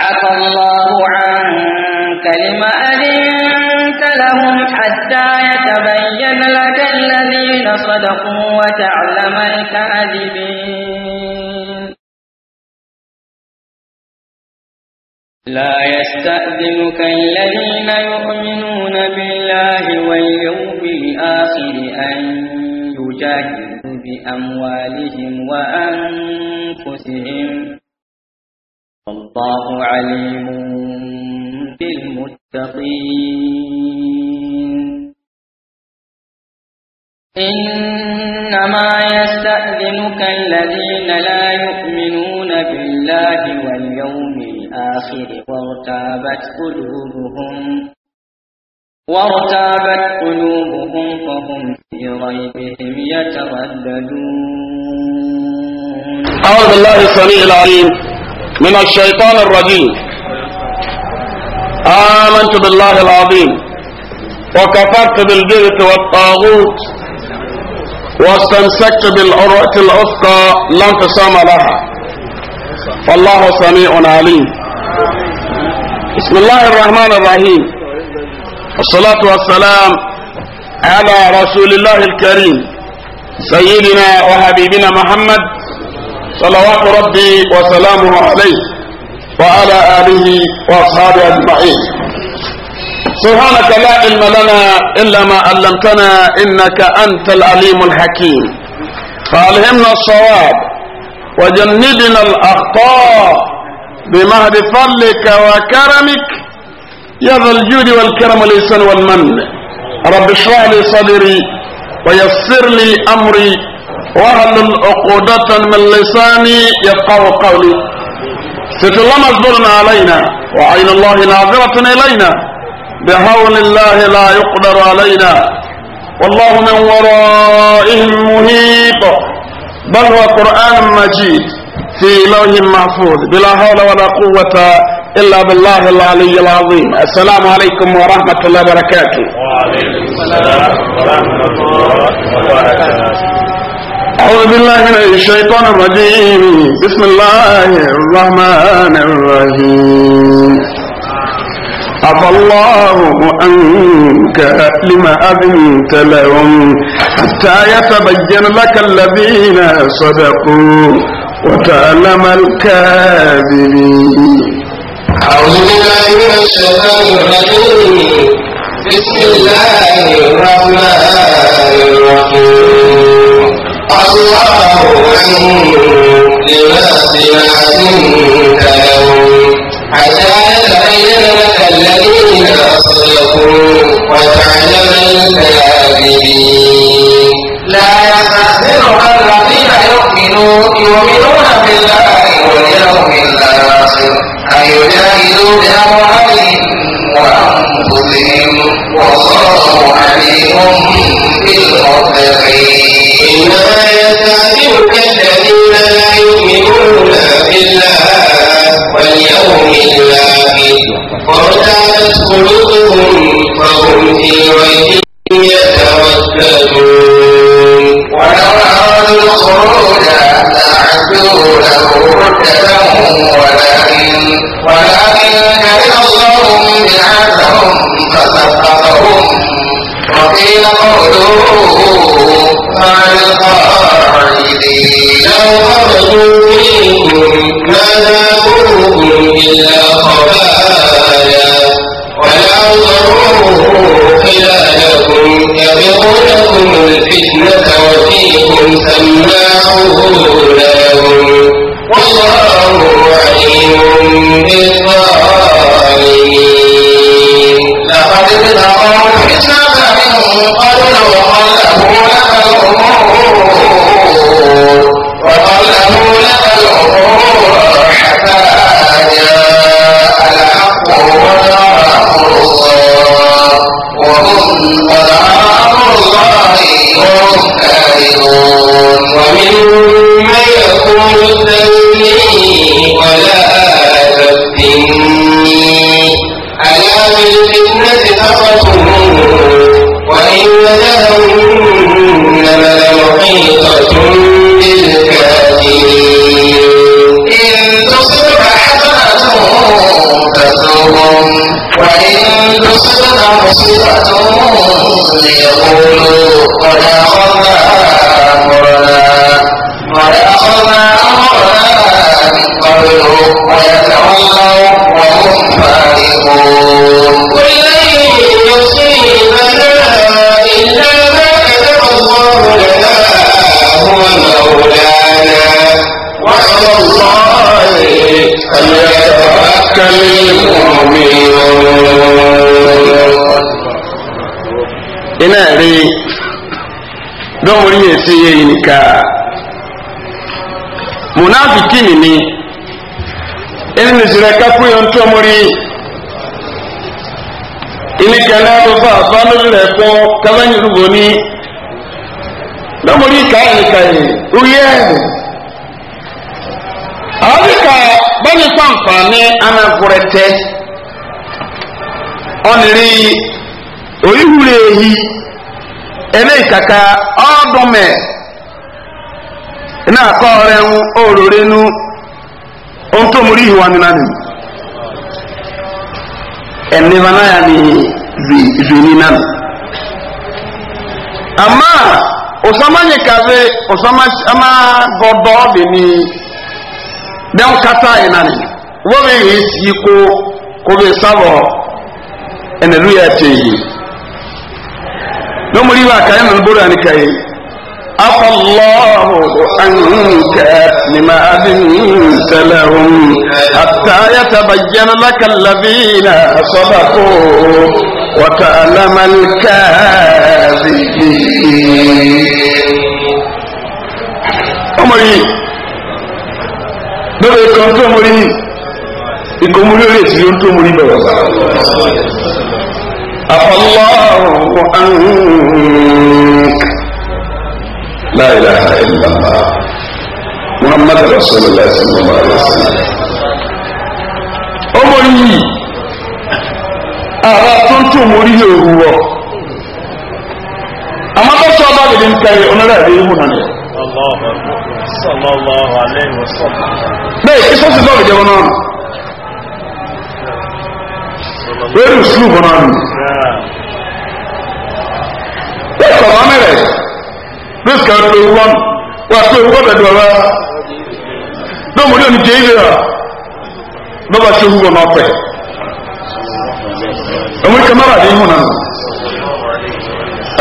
عفى الله عنك لما أذنت لهم حتى يتبين لك الذين صدقوا وتعلم الكاذبين لا يستأذنك الذين يؤمنون بالله واليوم الآخر أن يجاهدوا بأموالهم وأنفسهم والله عليم بالمتقين إنما يستأذنك الذين لا يؤمنون بالله واليوم الآخر وارتابت قلوبهم وارتابت قلوبهم فهم في ريبهم يترددون أعوذ بالله السميع العليم من الشيطان الرجيم آمنت بالله العظيم وكفرت بالجبت والطاغوت واستمسكت بالعروة الأفقى لا انفصام لها فالله سميع عليم بسم الله الرحمن الرحيم والصلاة والسلام على رسول الله الكريم سيدنا وحبيبنا محمد صلوات ربي وسلامه عليه وعلى آله وأصحابه أجمعين سبحانك لا علم لنا إلا ما علمتنا إنك أنت العليم الحكيم فألهمنا الصواب وجنبنا الأخطاء بمهد فضلك وكرمك يا ذا الجود والكرم والإحسان والمن رب اشرح لي صدري ويسر لي أمري وهل عقودة من لساني يفقه قولي ست الله مجبور علينا وعين الله ناظرة إلينا بهول الله لا يقدر علينا والله من ورائهم مهيب بل هو قرآن مجيد في لوح محفوظ بلا حول ولا قوة إلا بالله العلي العظيم السلام عليكم ورحمة الله وبركاته وعليكم السلام ورحمة الله وبركاته أعوذ بالله من الشيطان الرجيم بسم الله الرحمن الرحيم عفى الله عنك لما أذنت لهم حتى يتبين لك الذين صدقوا وتعلم الكاذبين أعوذ بالله من الشيطان الرجيم بسم الله الرحمن الرحيم أصلهم لما كنت لهم حتى يتبين الذين أصدقوا وتعلم الكاذبين لا يستحسنك الذين يؤمنون يؤمنون بالله واليوم الآخر أن يجاهدوا بأموالهم وأنفسهم والله عليم بالمتقين ولكن كره الله بعاثهم فسقطهم وقيل قولوا مع القاعدين لو خرجوا منكم ما زادوكم إلا خبايا ولو ضروه خلالكم يبغونكم الفتنة وفيكم سماعون اتقوا حسابا قد وقلبوا لك الأمور وقلبوا لك الأمور حتى جاء الحق وجاء الله وهم قد عرفوا الله وهم كارهون وممن يقول يقولوا قد أخذ أمرنا قد أخذ أمرنا من قبل ويتولوا وهم فارقون قل لن يصيبنا إلا ما كتب الله لنا هو مولانا وعلى الله فليتوكل المؤمنون ɛri dɔwɔri yɛ si yɛ yinika munafiki nini ɛni nisirɛ kaku yɛ ntɔmori inika náà tó fa fanu lɛ kɔ kaba nyi rubo ni dɔwɔri ka yɛ ka yɛ uyɛ awi ka bani fanfa ni anagbɔrɛ ɔniri oyi ehi. eléyìí kàkà ọ̀ọ́dúnmẹ̀ iná àkọ́ ọ̀rẹ́ ń òróré nú ohun tó mú rí ìwà nínú àná ẹni vanáyà ni zùní náà àmà òsàmà yìí kàwé òsàmà àmà gbọdọ̀ bì ní dẹ́wọ́n kátà iná ni wọ́n bẹ̀ yìí sí kó kó bẹ̀ sábọ̀ ẹnìlú yìí. lomori wa kayan nan bora ni kayi afa allahu anka lima adinta lahum hatta yatabayyana laka alladhina sadaqu wa ta'lama al-kadhibin omori bebe kan to ikomori ore ti lo to omori عفى الله عنك لا إله إلا الله محمد رسول الله صلى الله عليه وسلم ọmọ yìí ara tó ń tún mórí yóò wú ọ àmọ́ tó sọ ọba bìí ń kẹrì ọ̀nàrà ìdí ìhùn náà nìyẹn. bẹ́ẹ̀ kí sọ́sì bọ́ọ̀lù jẹ́ wọn náà lórí ìṣúlù bọ́nà nù. ó sọ̀rọ̀ amẹ́rẹ̀ bísí kan pé wọ́n wà pé wọ́n bẹ̀rẹ̀ wọ́n rárá ló mú lónìí jẹ́ ìlera ló bá ṣe wúwo náà pẹ̀. àwọn ìkà mara ní ìmúna nù.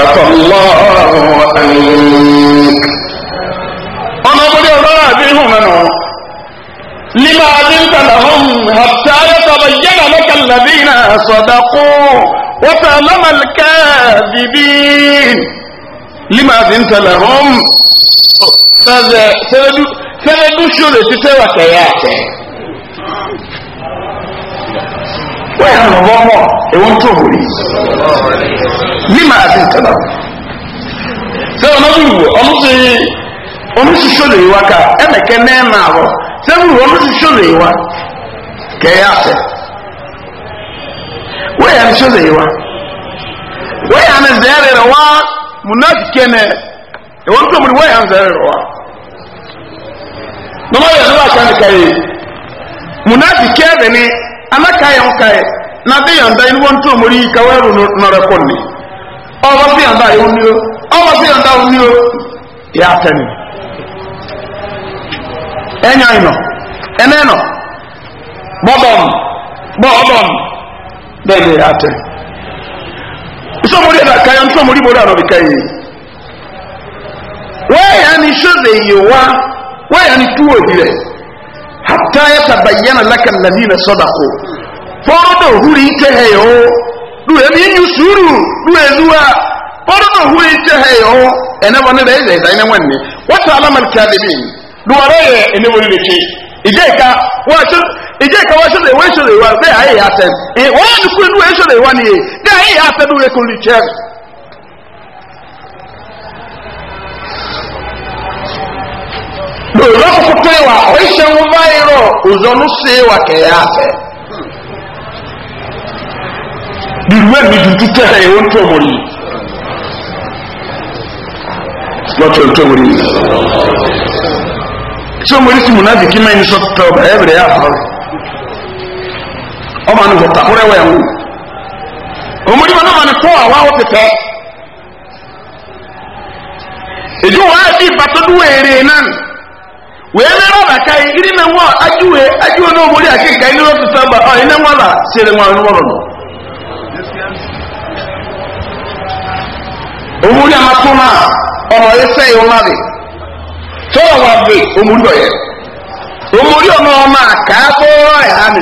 ẹ̀fọ́ lọ́ ọ̀nà ọmọdé ọ̀rọ̀ àdéhùn mẹ́nu. lima adé ń tẹ̀lé ọ̀hún hàtá. الذين صدقوا وتعلم الكاذبين لما ذنت لهم سندو شورة تتوى كياتي ويا الله وانتوه لي لما ذنت لهم sẹ́wọ̀n náà wù ọmọ sí ọmọ sí ká ẹ̀mẹ̀kẹ́ mẹ́ẹ̀mà rọ̀ sẹ́wọ̀n wù ọmọ sí ṣọlẹ̀ ìwà kẹ́yà sẹ́wọ̀n. wẹ́yà ní sọ́sẹ̀ yìí wá wẹ́yà ní zẹ́rẹ̀ rẹ̀ wá munafike nẹ ya tó múni wẹ́yà ní zẹ́rẹ̀ rẹ̀ wá. Nọ́mọ́ yẹn ló wà ká ní káyé na rẹ̀ ni alákàyè wọn káyè nàbí ya yìí wọ́n tó múni káwé ya nọ̀rẹ́ kọ́ ni yìí wọ́n o wọ́n o yà á Ẹ̀yàn ìnọ̀ bẹ́ẹ̀ ate nsọmọdé na kaya nsọmọdé bọ́dọ̀ àná bìkà ni sọ́dẹ̀ yìí ni tuwo ìbílẹ̀ hàtà yẹ tàbá yẹn na lákà nàní na sọ́dà kó fọ́ọ̀dọ̀ húri tẹ̀ hẹ̀ yọ̀ lu ẹ̀mí ẹ̀yìn sùúrù lu ẹ̀dùwà fọ́ọ̀dọ̀ húri tẹ̀ hẹ̀ yọ̀ ọ́ ẹ̀nẹ́ wọn ni rẹ̀ ẹ̀dá ẹ̀nẹ́ wọn ni ìjẹ́ ìkọwọ́ ṣẹlẹ̀ ìwé ṣẹlẹ̀ ìwà bẹ́ẹ̀ ayé yà sẹ́n ìwọ́n ní kú inú ìwé ṣẹlẹ̀ ìwà nìyẹn bẹ́ẹ̀ ayé yà sẹ́n ìwé kò lè jẹ́. lòlọ́ kókó ìwà ọ̀ṣẹ́ wọn báyìí rọ̀ òzọ́nù sí ìwà kẹ̀yà fẹ́. ìwé mi dùn títẹ̀ ẹ̀ ń tó mọ̀ yìí. lọ́tọ̀ tó mọ̀ yìí. tí o mọ̀ náà fi kí mẹ́rin sọ́tọ̀ ọ̀bà yà fọ́ ọmọ anu gbọta kúrẹ wẹ ẹwọn ọmọdé wọn náà ni kọ àwọn àwọn pẹpẹ èdè wọn àti ìbátọdún wẹẹrẹ náà wẹẹ mẹrẹ ọba ká yìí ìdí náà wọn ajuwe ajuwe náà ọmọdé àkẹkẹ ẹni wọn tuntun ọba ọ ẹni wọn là sẹrẹ wọn ọdún wọn lọ. ọmọdé àwọn akó náà ọmọ yẹ sẹyìn wọn náà dé tọwọ wà bẹ ọmọdé ọyẹ ọmọdé ọmọ ọmọ àkàkọ ẹ hàmì.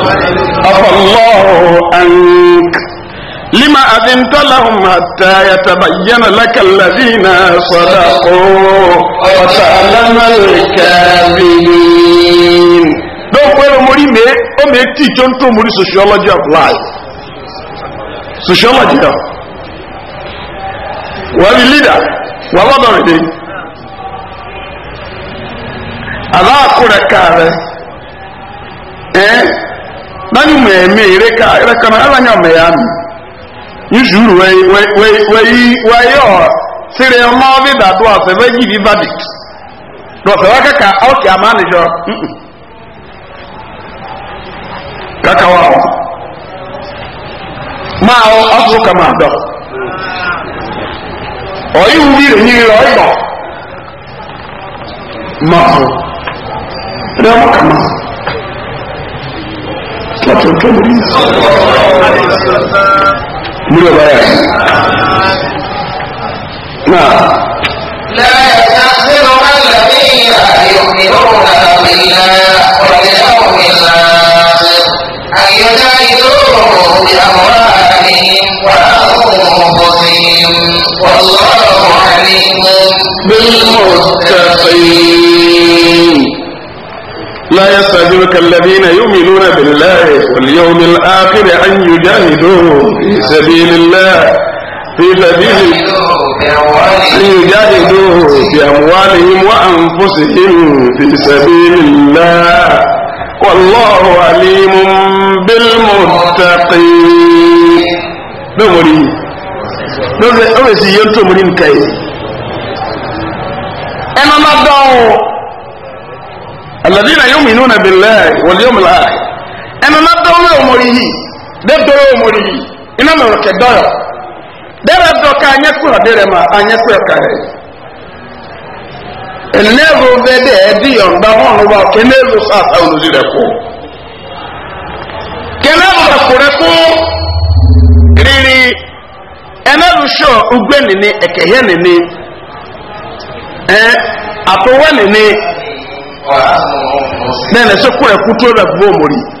الله عنك لما أذنت لهم حتى يتبين لك الذين صدقوا وتعلم الكاذبين don't worry omori me o me teach on to omori sociology of life sociology of well the leader well what are they ala akure kaare eh nani reka reka na ala nyame yami yujuru we we we ma bi da do ase we gi verdict do se waka ka o ki amani jo kaka wa ma o kama ma o kama وتركني من بيان نعم لا يستحسنها الذين يؤمنون بالله واليوم الآخر أن يجاهدوا بأموالهم وأنفسهم والله عليم بالمتقين لا يستعجبك الذين يؤمنون بالله واليوم الآخر أن يجاهدوا في سبيل الله في سبيل أن يجاهدوا بأموالهم وأنفسهم في سبيل الله والله عليم بالمتقين نمري نمري أمي أنا نبدأ الذين يؤمنون بالله واليوم الآخر ɛmɛ ma dɔwɔ omori yi de dɔwɔ omori yi ina mɛ ɔkɛ dɔyɔ de bɛ dɔ ka anyɛ kuyɔ de rɛ ma anyɛ kuyɔ ka rɛ enevo bɛ de ɛdi yɔnba hɔn wa kenevo fa asawo n'oli rɛ ko kenevo rɛ ko rɛ ko riri ɛnɛlu sɔ ugbe nini ɛkɛyɛ nini ɛ atowɛ nini bɛn ɛsɛ kuyɔ kutu rɛ bu omori.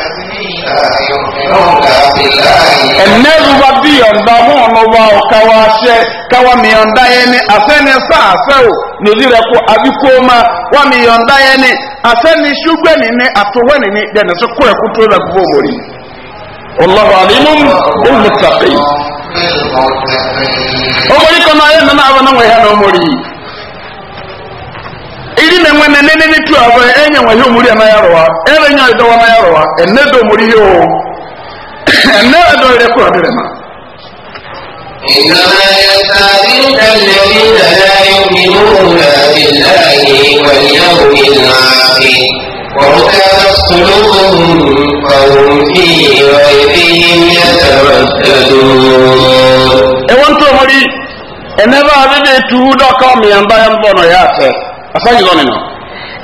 ɛnɛ zuba bi yɔnda mɔɔnɔ wa o kawa hyɛ kawa mi yɔnda yɛ ni asɛni saa sɛw n'oli rɛ ko abi kooma wa mi yɔnda yɛ ni asɛni sugbɛni ni atohɔni ni dɛni so kura kutu na gbɔ mori ɔlɔwɔ alimu ɔmu tafe. ɔmori kɔnɔ ayé nana abana wɔ ya na ɔmori. iri na enwe nene nene tu ava enye nwehe omuri anayarowa ere nya ya anayarowa ene do omuri yo ene edo ere kura direma إنما يستعذبك الذين لا يؤمنون بالله واليوم الآخر وارتابت قلوبهم فهم في ريبهم يترددون. أوانتو مري أنا بعد ذي تهودا كام أن يا أخي asanyi zɔn nina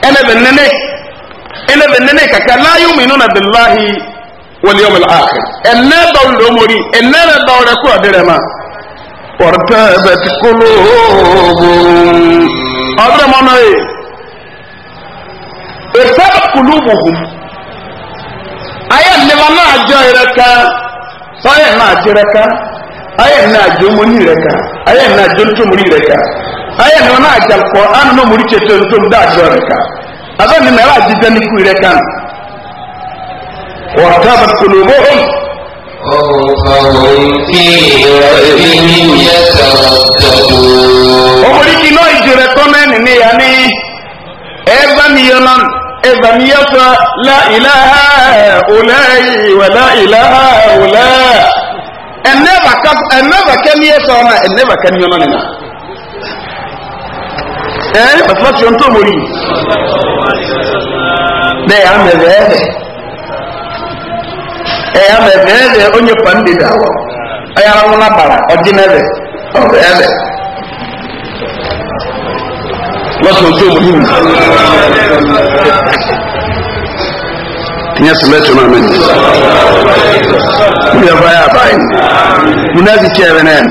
ɛnɛ bɛ nene ɛnɛ bɛ nene kaka laayi mi nuna bilahi wali yom alaahi ɛnɛ dɔw lɛ omori ɛnɛ lɛ dɔw lɛ kura dirɛ ma kɔrɔtɛ bɛ ti kolo ɔdrɛ mɔnɔ ye ɛfɛ kulu buhu ayɛ nima naa jɔ yɛrɛ ka sɔyɛ naa jɛrɛ ka ayɛ naa jɔ mɔni yɛrɛ ka ayɛ naa jɔ ntomori yɛrɛ ka aya ni wana ajal qur'an no muri ce to to da jarka azan ni mera jidan ni kuire kan wa tabat qulubuhum omori ki no ijere to men ni ya ni eva mi yonan eva mi yasa la ilaha ulai wa la ilaha ulai and never can and never can yes ona and never can yonan na ẹ́ pàtàkì ọ̀n tó mórí bẹ́ẹ̀ amẹ̀rẹ̀ẹ̀rẹ̀ ẹ̀ amẹ̀rẹ̀ẹ̀rẹ̀ onye pàndìdì àwọ̀ ayára wọn lábàrà ọdínẹ̀rẹ̀ ọ̀rẹ̀ẹ̀rẹ̀ lọ́sọ̀ tó mórí mi ìyẹn sì mẹ́tò náà mẹ́tò múlẹ̀ báyà báyìí múlẹ̀ ti tiẹ̀ rẹ̀ náà.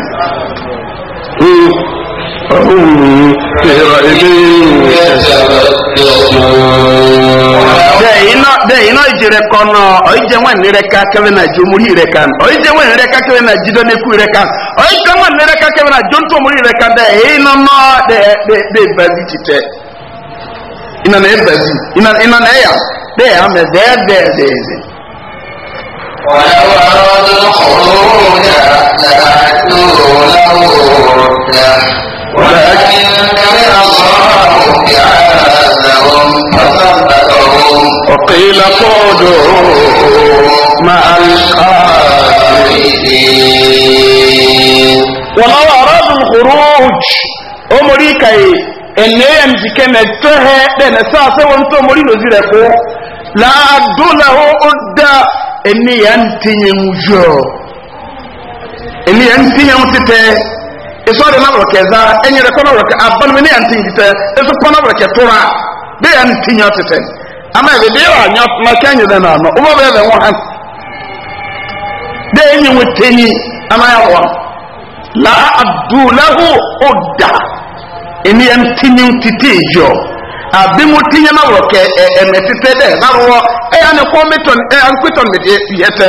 dẹ́yìn náà ìjì rẹ̀ kan náà ọ̀yíjẹ́ wọn ní rẹ̀ ká kẹ́lẹ́ náà ju omúrí rẹ̀ kan ọ̀yíjẹ́ wọn ní rẹ̀ ká kẹ́lẹ́ náà jídọ́ nẹ́kú rẹ̀ kan ọ̀yíjẹ́ wọn ní rẹ̀ ká kẹ́lẹ́ náà jó ń tó omúrí ولكن كره الله بعاثهم فثبتهم وقيل اقعدوا مع القاسرين ولو أرادوا الخروج أمريكي إنهم كان التهى لأن أساسا وانتم مريد زيركو لا أدو له أدى إني أنتي مجو إني أنتي متتهى isɔre na wɔrɔkɛ za ɛnyɛrɛ kɔ na wɔrɔkɛ abalimi ne yɛn nkitɛ esu kɔ na wɔrɔkɛ tora de yɛn ti nya tete ama yɛ de yɛ anya ma kɛ nyɛ dɛ n'ano ɔmɔ bɛ bɛ wɔn ha de yɛ nyɛ wɔn ama yɛ wɔn la adulahu ɔda ɛni yɛn ti nyɛ tete yɔ abi mu ti nyɛ na wɔrɔkɛ ɛmɛ e, e, tete dɛ na wɔrɔ ɛyɛ e, anɛ kɔn mi tɔn ɛyɛ ankwi tɔn mi yɛ tɛ.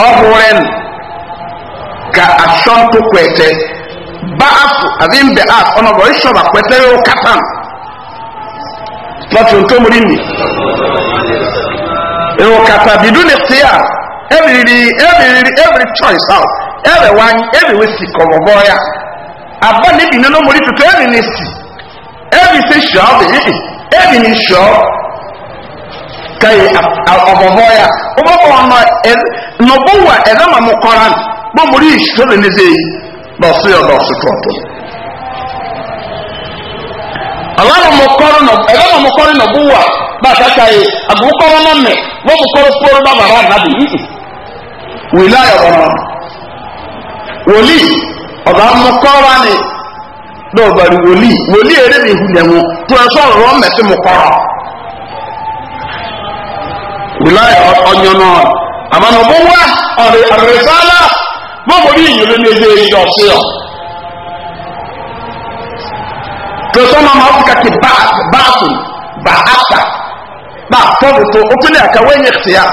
ɔhoren ka asɔn to kwɛtɛ baafo abe n bɛ af ɔnɔ bɔ esɔ ba kwɛtɛ yɛ o katan lɔtɔ ntomori mi ewo kata bidu ne tia ebiriri ebiriri every choice out ɛbɛ wan ɛbɛ wesi kɔmɔbɔ ya aba ne e bi nenu mori tutu e ɛbi ne si ɛbi se sɔ ɔbɛ ɛbi ne sɔ. kai ọbọbọ ya ọbọbọ ọmọ nọbọwa ẹdá ma mo kọra bọ mo rí ìṣòro rẹ nídìí yìí lọsí ọ lọsí tọọtọ. ẹdá ma mo kọ́rọ́ nọbọwa bá a kàkà yìí àbúrò kọ́rọ́ náà mẹ wọ́n mo kọ́rọ́ kúrò bá bàrà nàbì yìí. wìlá ọ̀rọ̀ náà wòlíì ọ̀bà mo kọ́ra ni mi e hu tó e sọ̀rọ̀ wilaya onye nọ amana ọbụwa ọrịsala ma ọ bụ inyere n'ezi ezi ọsị ya tòsọ́nà máa fi kàkì báàtù bá àtà bá wee nye ní àkàwé ẹ̀yẹ tìyà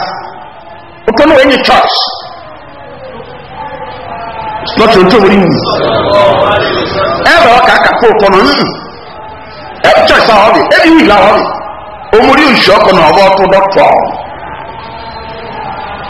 òtún ní ẹ̀yẹ church lọ́tún tó wọlé yìí ẹ bẹ̀ ọ́ kàkà fún òkọ́ nù ẹ church sáà ọ́ bì ẹ ọ na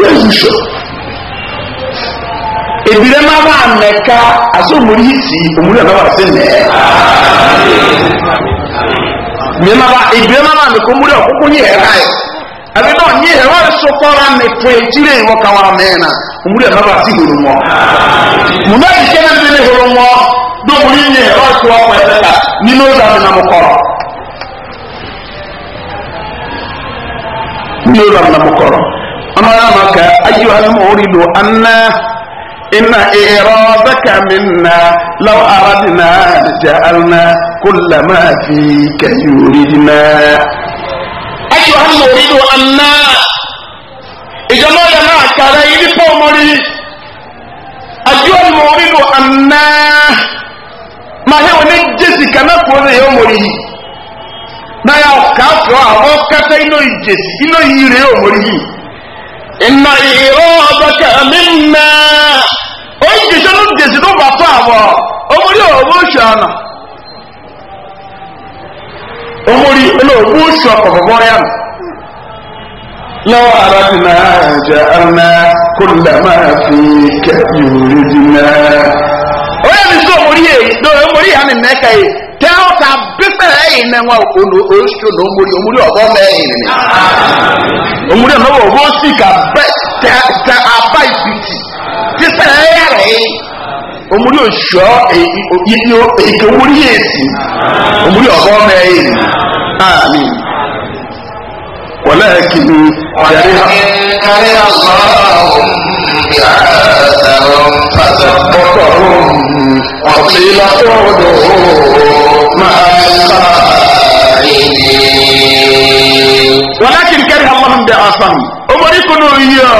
ezuso ebire ma ba mɛka aso omori si omori yɛ mɛba se mɛ mɛ ma ba ebire ma ba mɛka omori yɛ koko nyi hɛra yɛ ɛbi yɛ so kɔra mɛ yi omori horo mɔ yi kɛnɛ bi ne horo mɔ do omori yɛ so ɛfɛ ta ni na mo kɔrɔ ni na mo kɔrɔ. أمامك أيها المورد أن إن إرادك منا لو أردنا لجعلنا كل ما فيك يريدنا أيها المورد أن إذا ما لنا كريم بومري أيها المورد أن ما هو ونجزي كما قول يومري na ya ka fọ àwọn kẹtẹ inú ìjèsí inú iná ìró ọ̀dọ̀kẹ́ mi nà. ó ń jẹ̀ṣẹ́ ló ń jẹ̀ṣẹ́ ló bá fún àwọ̀ omori òwò oṣù àná. omori olóòwò oṣù ọkọ̀ bọ̀bọ̀ yá nù. لو أردنا جعلنا كل ما فيك يريدنا. ويا من سوء مريه دو مريه عن النكاية tẹ́wọ́ ta bísẹ̀rẹ̀ yìí náà wọn oṣù ní omori omori ọ̀bọ mẹ́rin ni. omori ọ̀nà wọ̀ wọ́n sì kà bẹ́ tẹ tẹ abá ìbìtì bísẹ̀rẹ̀ yàrá yìí omori oṣù èké omori yìí sí omori ọ̀bọ mẹ́rin ni. ami ولكن كره كره الله بعاثهم فسقطهم وقيل اقعدوا islam omori kono yio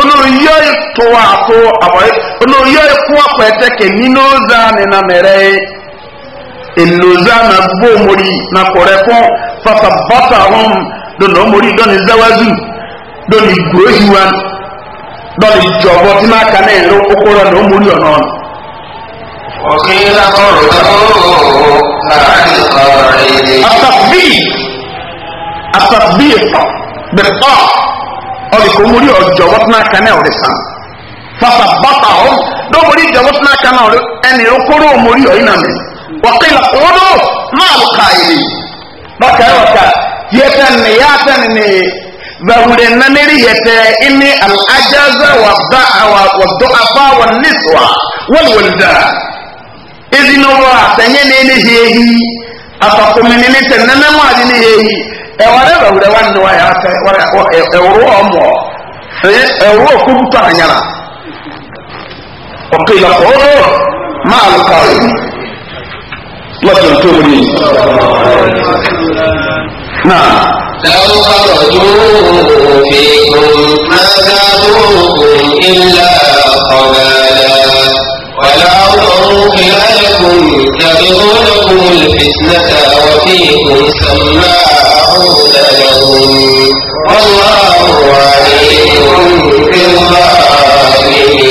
ono yio to ato aboy ono yio ku akwa eteke nino za a na mere eloza na gbo omori na kore fata bata hum do no omori do do do ti na ero kokoro na omori ono bẹ̀rẹ̀fọ́ ọ̀dìkò mórí ọ̀jọ̀ wọ́túnáka náà ọ̀rẹ́ sàn fàfà bàtà ọ̀ dọ́mọ̀rí ìjọ wọ́túnáka náà ọ̀rẹ́ ẹni okóró mórí ọ̀yìn náà mẹ́ wọ́kẹ́lá kóódó máa lù ká yìí bàtà ẹ̀ wọ́kà yẹtẹ ni yàtẹ ni bẹ̀wùrẹ̀ nanẹ́rì yẹtẹ ẹni alájáza wàdó afá wà nísùwà wọ́lùwọ̀lùdà ẹ̀dínlọ́wọ́ àtẹ̀yẹ́ ní ẹni yẹ ɛwɔre bɛwurɛ wani ni wayɛ asɛ wɔre ɛwuro ɔmɔ ɛyɛ ɛwuro kurutu anyana ɔkè lakɔɔdo maalu kawai lɔtɔn tó mu ni na. لو أرجو فيكم ما زادوكم إلا قبالا ولا أنقذكم تبغون اثنتا وفيكم سماعون لهم والله عليم بالظالمين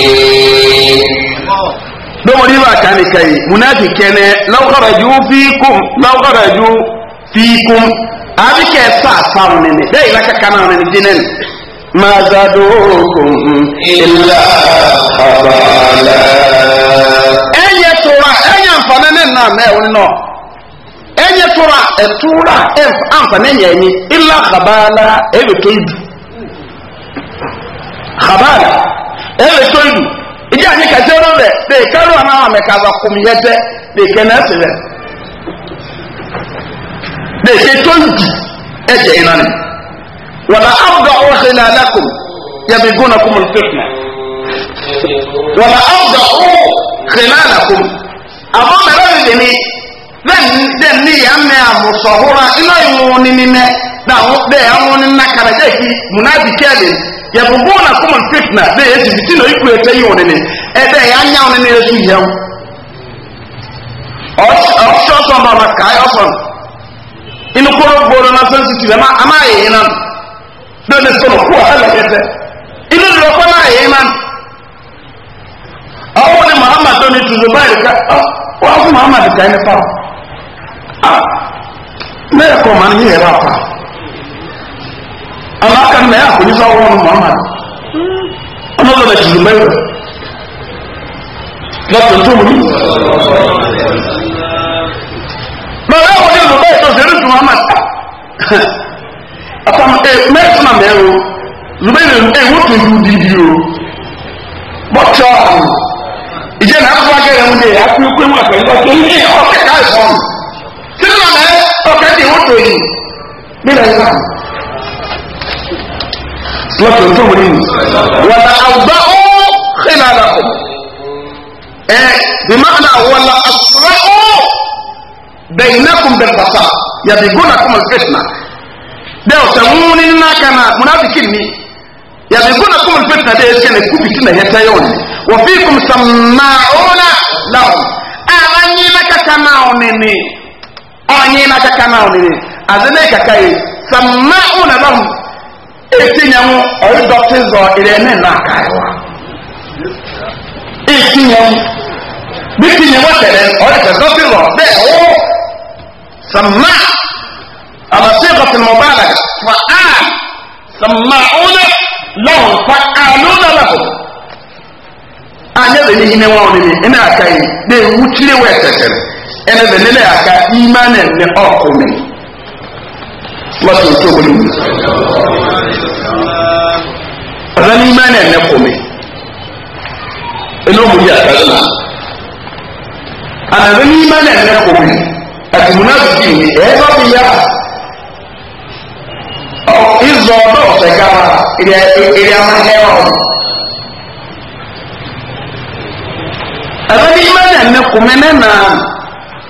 dɔnku ni b'a kan de ka ye munaafi kɛnɛ lawukaraju fiikum lawukaraju fiikum a bɛ kɛ saa saaw nɛnɛ bɛɛ yɛrɛ ka kan na nɛnɛ dinɛ ni. mazadokum illa habala. ẹ yẹ tora ẹ yẹ nfa nɛnɛ nà mɛ o nɔ ɛnyɛ tora ɛtura ɛm amfa n'ɛnyɛ ɛnyi ila habala ɛbɛ tɔ idu habala ɛbɛ tɔ idu ìdí àti kẹsẹ ọdún rẹ lè kẹrù àwọn àwọn mẹka bá kùn yẹ tẹ lè kẹ náà sí rẹ lè kẹ tó ìdì ẹjẹ iná ni wọn na abudọ ọwọ ṣe ní alákùn yẹbi gúnà kùn na abudọ ọwọ ṣe ní alákùn dem ni ya mme a musahura ina yiwo ni ni ne na wo de ya wo ni na kara je ki kele ya na kuma fitna de ya ti iku ni ni e ya nya ni ni ya o o so so ma kai o oh, so inu ko na sensitive ma ama ye na do ne so ko ala inu ko na ye na awo ni muhammad ni ka wa ko muhammad ah ne na ni na ɔyɛ wɔn yɛ zumba yi tɔ sɛ ɛrɛ zumba ama akɔn ɛ mɛ ìjẹ́ akẹ́rẹ́ ń wọ́n nínú ọ̀nà ẹ ọ̀kẹ́ ti wọ́n tó yìí nínú ẹ̀yìn náà. lọ́tọ̀ tó wọlé yìí wàlá àgbà ó xìlà àlà kù ẹ bìmọ́nà wàlá àṣùrọ̀ ó bẹ̀yìnàkùn bẹ̀rẹ̀bàṣà yàtì gbọ́nà kọ́mọ̀ fẹ́tìnà dẹ́ ọ̀sẹ̀ wọn ní nínú akana múnàbíkì ni yàtì gbọ́nà kọ́mọ̀ fẹ́tìnà dẹ́ ẹ̀ṣẹ̀ ní kúbi tí nà yẹ tẹ́yọ̀ ni wọ́n fi kùn sàmà ọ̀nà làwọn àwọn yìí bẹ́ẹ̀ kàkà náà ọ̀nẹ́ni. ọnye na kaka na ọnene adị na kaka yi sama ụna na m etinye m ọyị dọtịzọ ire eme na aka ịwa etinye m bitinye m tere ọyị ka dọtịzọ dị ọwụ sama alasịgọtị mọbala fa'an sama ụna lahụ fa'anụna lahụ anyị bụ ihe ime nwa ọnene ị na-aka yi na-ewuchiri wee tetere ɛnɛ bɛ nene aka imanen ne ɔkome lɔsɔn tó wuli ɔdɔ ni imanen ne kome ɛnɛ omuli aka na anabe ni imanen ne kome atumuna bi ni ɛyɛ bi ya ɔ izɔ ɔdɔ ɔfɛ kama ɛdi ɛdi ama hɛ ɔmu. ɛbɛ ni imanen ne kome ne naa.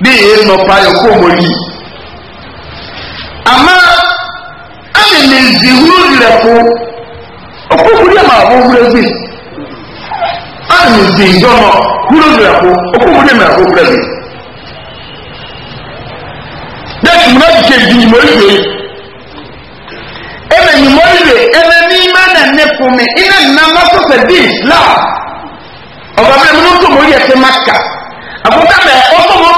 bí èyí nọ payọ kó wọ yìí àmà ẹni ní zihuru lẹkọ ọkọ wúlò yẹn máa wọ wúlò gbé ẹni ní zihuru nọ wúlò lẹkọ ọkọ wúlò yẹn máa wọ wúlò gbé dẹ́kun náà ti kéjì ìmọ̀ ìgbé ẹnna ìmọ̀ ìgbé ẹnna ní ìmọ̀ ẹnna ní kùnmi ẹnna nínú àwọn sọ̀tẹ̀ bíi islam ọ̀gá bẹ́ẹ̀ mi ló tó mọ̀ yẹ ti máa kà àbúkà bẹ́ẹ̀ ọ̀tọ̀ mọ̀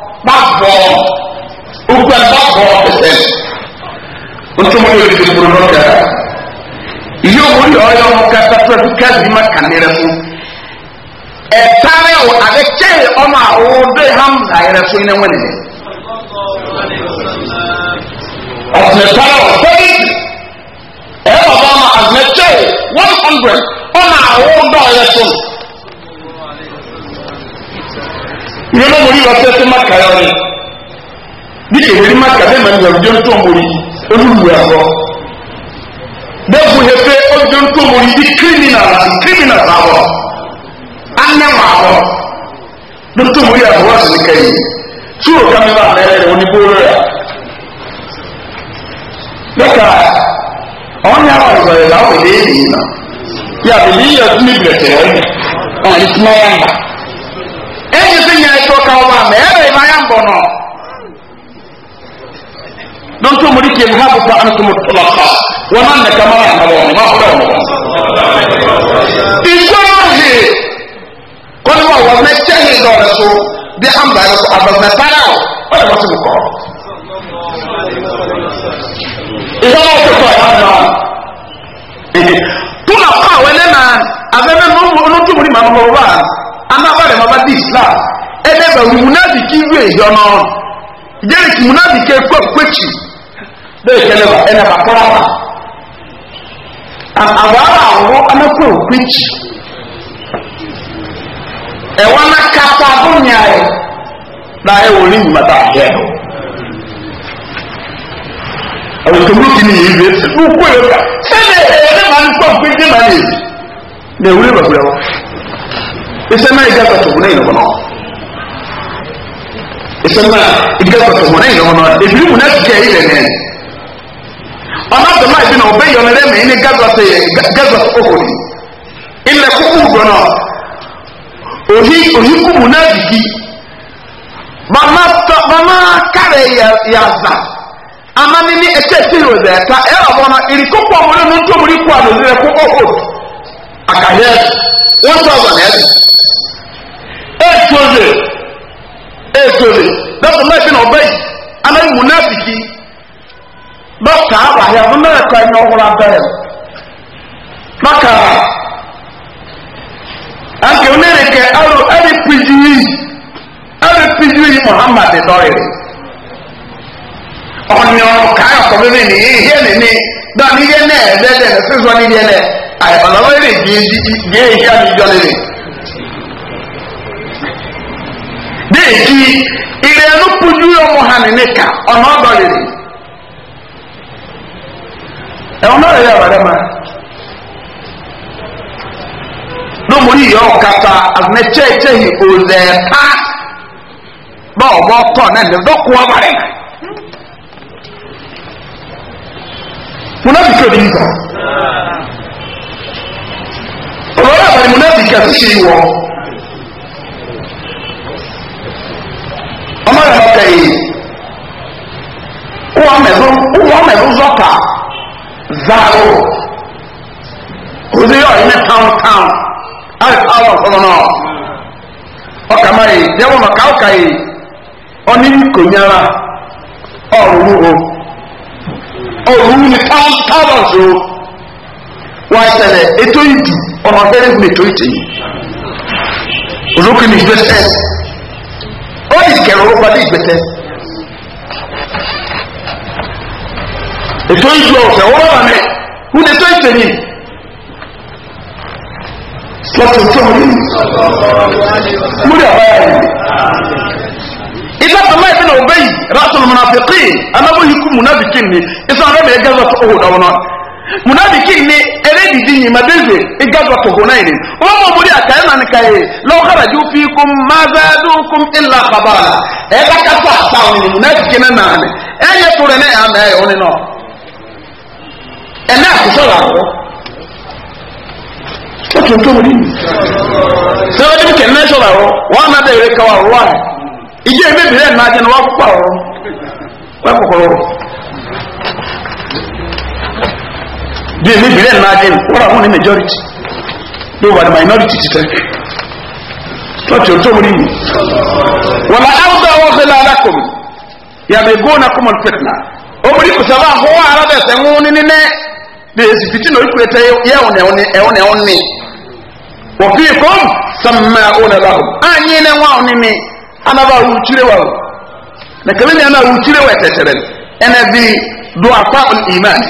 backbone ukwu backbone percent ntumuli yɛ ti buru n'o kɛra iye omuli ɔyɛ ɔmu kata pɛtu kɛsi ma kanirɛ so ɛtaare o ale kye ɔmu a ɔdo hamza yɛrɛ so ne wɛnɛ ɔtun ɛtaare o sɛbi ɛyɛ ɔbaa ma ɔtun ɛkye one hundred ɔmu a ɔdo yɛrɛ so. ní ọmọ mori lọ sẹ́sẹ́ maka yọ ni bí èwérí maka bẹ́ẹ̀ máa ń yàrá ọdún tó mori olúwu ẹ̀rọ bẹ́ẹ̀ bu hefe ọdún tó mori bí kírímìnà kírímìnà sáwọ̀ anẹ́wà àwọ̀ ọdún tó mori àbúrò àti nìkẹyìn tí o ká mi bá mẹ́rẹ̀ rẹ̀ onígbó rẹ̀ lọ́kà ọ̀nyà wà lọ́yẹ̀ láwọn èdè yìí nà yàtọ̀ ní yàtọ̀ ní bẹ̀tẹ̀ ọ̀ ɛyɛ sɛ nyɛ ɛtɔ ka wɔ maama ɛyɛ ɛma yɛ mbɔ no nonto mo rike mu ha bo pa anto mo tola pa wɔn an nɛka ma na wɔn ma fɔ wɔn isɔɔhi kɔni wa wɔn mɛ kyɛ hi dɔɔrɛ so bi an ba yɛ so abɛmɛ para o ɔyɛ wɔn ti mu kɔ ìsọlá ọsẹ kọ ẹ náà tó na kọ àwọn ẹlẹ́nà abẹ́mẹ́ nínú tó mo ní màmú kọ̀ wá anábàrẹ̀ mọ́. sí islam ẹlẹ́bẹ̀ wù múnádìkì wú èyí ọmọ wọn jẹ́rìsì múnádìkì ẹkọ kwẹ́kì bẹ́ẹ̀ kẹlẹ́bà ẹnẹ́bà kọ́ra wà àwọn ará àwọn ọmọkùn òkwẹ́kì ẹ̀wọ́n náà kápá bóyá ẹ̀ náà ẹ̀ wò ní ìmọ̀ta àwọn tó múlùkì ní ìyí rẹ̀ ló kó ẹ̀ka sẹ́lẹ̀ ẹ̀ẹ́dẹ́gbà ń pọ̀ pé dé màá lè lè wúlé bàbá wọn. isema igata tuhunayi na wono isema igata tuhunayi na wono ebiri mu n'asike yi lɛ nɛɛ ɔna sɛma ebi na ɔbɛ yɔn lɛ mɛ ɛni gaza se yɛ gaza koko ni ilẹ koko gbɔ ohi ohi kubu n'adigi mama tɔ mama kare yɛ yaza amani ni ɛkyɛ ti yɛ ɔzɛ ta ɛyɛ ɔbɔ na erikoko ɔmo ne mu ntomori lori lɛ koko akanyɛ one thousand ɛdi eight thousand eight thousand dɔkita náà fi na ɔbɛ yi anayi munafiki dɔkita ka ɔno náà ɛkɔ maka anke onere kɛ alo ɛdi pidgiri ɛdi pidgiri muhammad dɔyere ɔnyɔ kaayɔ kɔmi mi ni ihe ni ni dɔn ni ihe nɛ ɛdɛ nɛ. ọ̀nàmọ́ èrè gé èyí àdìjọ lè ẹnu ọmọ ha nìní ọ̀nà ọ̀dọ̀ lè ẹ̀wọ̀n náà yẹ ọ̀rẹ́ ma lómori yìí ọ̀kata àfẹnẹ́kyẹ́kyẹ́ yìí òzẹ̀ pa bọ́ọ̀ bọ́ tọ̀ náà ní dọ́kọ̀ ọmọ rẹ̀ náà yìí ni munafiki àti ṣe ìwọ. ọmọ rẹ̀ lọ́kẹ́ yìí wọ́n mẹ̀lú wọ́n mẹ̀lú zọ́kà záàrò òsì yọ̀ ní town town àti àwọn ọ̀sán náà ọkà máa yìí jẹ́wọ́n mọ̀ káwọ́kà yìí ọní kò nyara ọ̀rùn wò ọ̀rùn ní town town ọ̀sán wọ́n ṣẹlẹ̀ ètò ìdù ọmọ abẹ́rẹ́ ìwé tó ìtẹ̀ yìí olókè ní ìgbésẹ̀ ó ní ìkẹrẹ orúkọ ní ìgbésẹ̀ ètò ìjọ ọ̀sẹ̀ wọ́n wà mẹ́ wọ́n ètò ìtẹ̀ yìí lọ́sọ̀ tó ń múlẹ̀ ọ̀báyà yìí ilé ọ̀la ìfẹ́ náà ọ̀bẹ yìí rásùlùmùnàfẹ́kì anábóyìí kú múnàbìkì ni ìsọ̀rọ̀ mẹ́ẹ̀ẹ́gẹ́sọ̀ tó hù dáwọn náà. munafiki ni eredidi nyima beze igazwa kuhunaini oba mumuri akayana ụmụ law kharaju fikum ma zadukum ni na nane e e ne ya e na yo ni no ena kusola ko na sola wa na na je na wa kwa wa kokoro bí èmi bìrẹ̀ náà dé wọ́n àwọn ní majority ló wà ní minority ti tẹ́ lọ́tí o tó wọlé mi. wọ́n la áwùjọ àwọn fẹ́lẹ́ alákòm yàbẹ̀ góònà kọ́mọ̀n fẹ́tìnà omori kò sábà hó ara bẹ̀ sẹ́ ńwó níní nẹ́ bí èsì fìtí náà ikú ẹ̀tẹ́ yẹ ẹ̀wọ̀n ẹ̀wọ̀n ẹ̀wọ̀n ní. wọ́n fi kọ́ sàmmà ọ̀nà báwò ányé ní wọn àwọn níní anaba awùkyeré wà o nàkàmínì anaba awùkyeré wà ẹ̀tẹ̀tẹ̀rẹ̀ ẹnẹ bi do apá ìmáàlì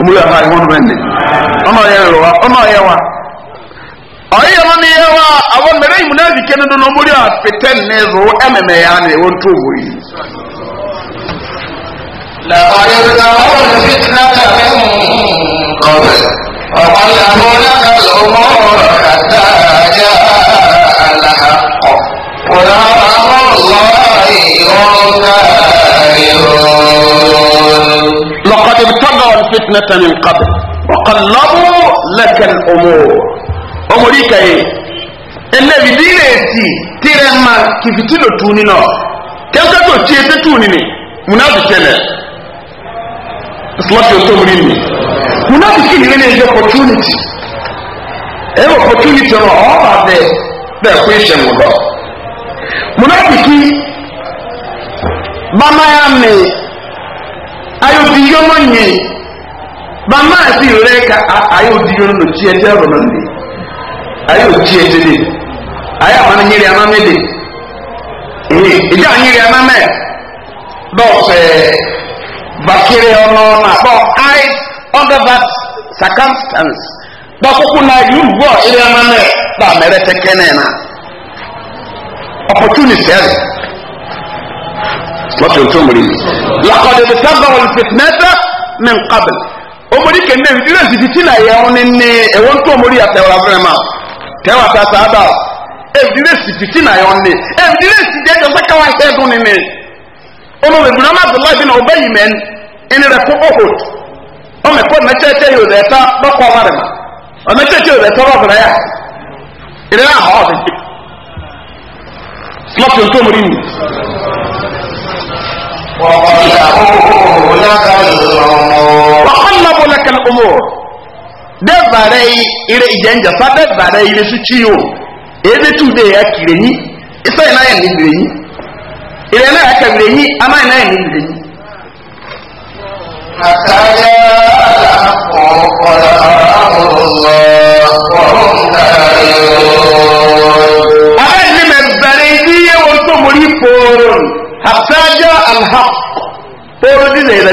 omuli akwari ihono mene ono yewa ono yewa oyiye mani yewa na mere imunazi kene dono omuli afeten nezo ememe yani ewo ntubuyi لقد ابتغوا الفتنة من قبل وقلبوا لك الأمور حتى جاء فتنة من قبل وقلبوا لك الأمور أمريكا إيه إلا بدينتي تيرن ما كيف تلو تونينا كم تلو تيرن تونيني منافق كلا أصلاك يوتمريني منافق كلا لن يجي opportunity أي opportunity أنا أعطى ده ده question وده منافق بما يعمل أيوب يوم يجي ba maa si rẹ ka ayé odi yóò lò jí ẹtẹ ọrọ náà lè ayé odi ẹtẹ lè ayé àwọn anyere amamẹ lè ee ìdí anyere amamẹ dọ̀ọ̀sẹ̀ bakiri ọ̀nà ọ̀nà bọ̀ ayé under that circumstance dọ̀kúkú náà yóò wọ̀ ẹ̀rẹ̀ amamẹ bá mẹrẹ tẹkẹ náà nà opportunity ẹ̀ lọ́tọ̀ tó mú rí lakọ̀dẹ̀ bí sábà wọ̀lù fìtínẹ́tà mi n kábìlì. omori kende ndiro ziti tina ye oni ni e won to omori ya tewa vrema tewa ta sada e ndiro de ne ono be guna abdullah bin ubay men en re ko na chete yo de ta ba ko varema o me chete ta ya ire na ha omori ni tilka al'umur dabbare ire ijenja fa dabbare ire su ciyo ebe tu de ya kire ni ifa ina ya ni bire ni ire na ya ka bire ni ama ina ya ni bire ni hataya Hafsaja al-haq, poro dina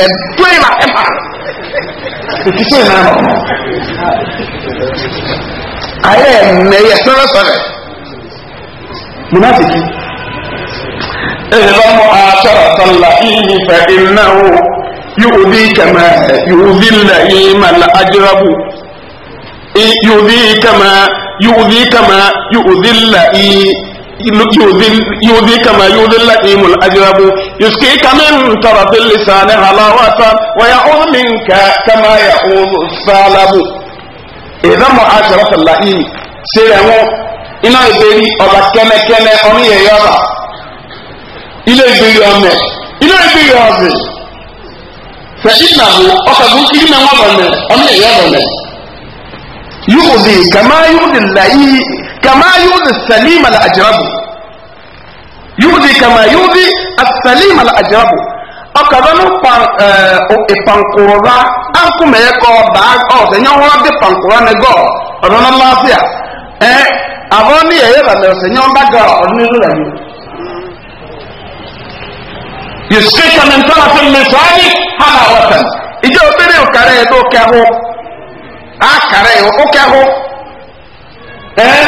ẹ̀dúrẹ́ ma ẹ̀ ma èkìtì ìhàn nọ. ayé ẹ̀mẹ yẹ sẹ́rẹ̀ sẹ́rẹ̀ munafiki. ìlànà àtàrà tàlà ìyí fẹ́ iná o yóò bí kẹmẹ yóò bí lẹ yìí mà lẹ ajirabu yóò bí kẹmẹ yóò bí kẹmẹ yóò bí lẹ yìí. يؤذي كما يؤذي اللئيم الأجرب يسقيك من طرف اللسان حلاوة ويعوذ منك كما يعوذ الثعلب إذا معاشرة اللئيم سيرمو إنا إبري أبا كما كما أمي يرى إلى إبري أمي إلى إبري أمي فإنه أخذ إلى مغنى أمي يرى يؤذي كما يؤذي اللئيم كما يؤذي السليم الأجرب يؤذي كما يؤذي السليم الأجرب أكذنو بانقورا أنكم يكو باغ أو سنيا هو دي بانقورا نغو أدونا لاسيا eh aboni ye ba le se nyon baga oni lu rayu yusika min tarafin lisani halawatan ijo bere o kare do ke ho akara eh? yi e, o kɛ ho ɛɛ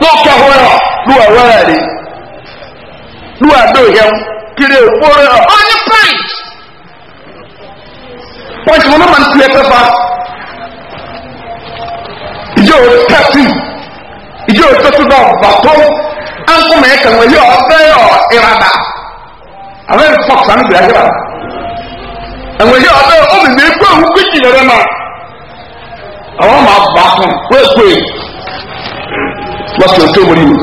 n'o kɛ ho yɛ n'o wa wɛrɛ de n'o wa do yɛ kiri ekporo yɛ ɔni pint pɔnkye mo n'oma ntu yɛ pɛpa ìjọ o tẹsi ìjọ o tẹsi náà bàtọ ankoma yɛ kàn wọ yɛ ɔbɛ yɛ ɔ ìrada abẹ́rẹ́ fọ́ọ̀sì àmì bìrẹ̀ yɛ ɔbɛ ɔbɛ mi ekú ewu kéjì yɛrɛ náà àwọn máa bá fún pépè lọ́sọ̀rọ̀ tó wọlé mi.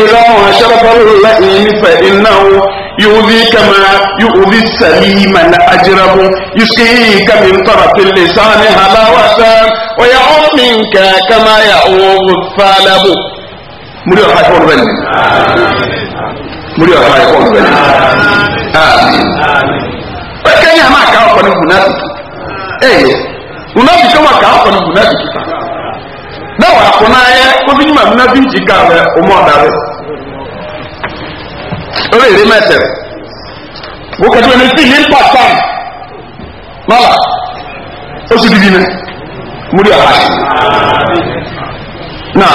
ìlọ ọ̀hún aṣọ́lọ́pọ̀ lẹ́yìn nípa iná wọn yóò rí kama yóò rí sàlímà ní ajirabu yusuke yìí kàmi ntọ́ra pélé sáni halawa sàn ọ̀yà ọ̀mí nkà kama yà ọ̀wọ̀ fàlàbù. múlí ọ̀ha ẹ̀kọ́ ọ̀dọ̀ bẹ́ẹ̀ múlí ọ̀ha ẹ̀kọ́ ọ̀dọ̀ bẹ́ẹ̀ ni. bẹ́ẹ̀ kẹ́yìn àmà àkàwọ̀ kọ́ni kùnà tuntun. ee eh, unafiki wa kaako ni munafiki na wa kunaye kubinyuma munafiki kawe umwadawe ole ile metere bukatu ni fi hin patan mala osidibine muri alaji na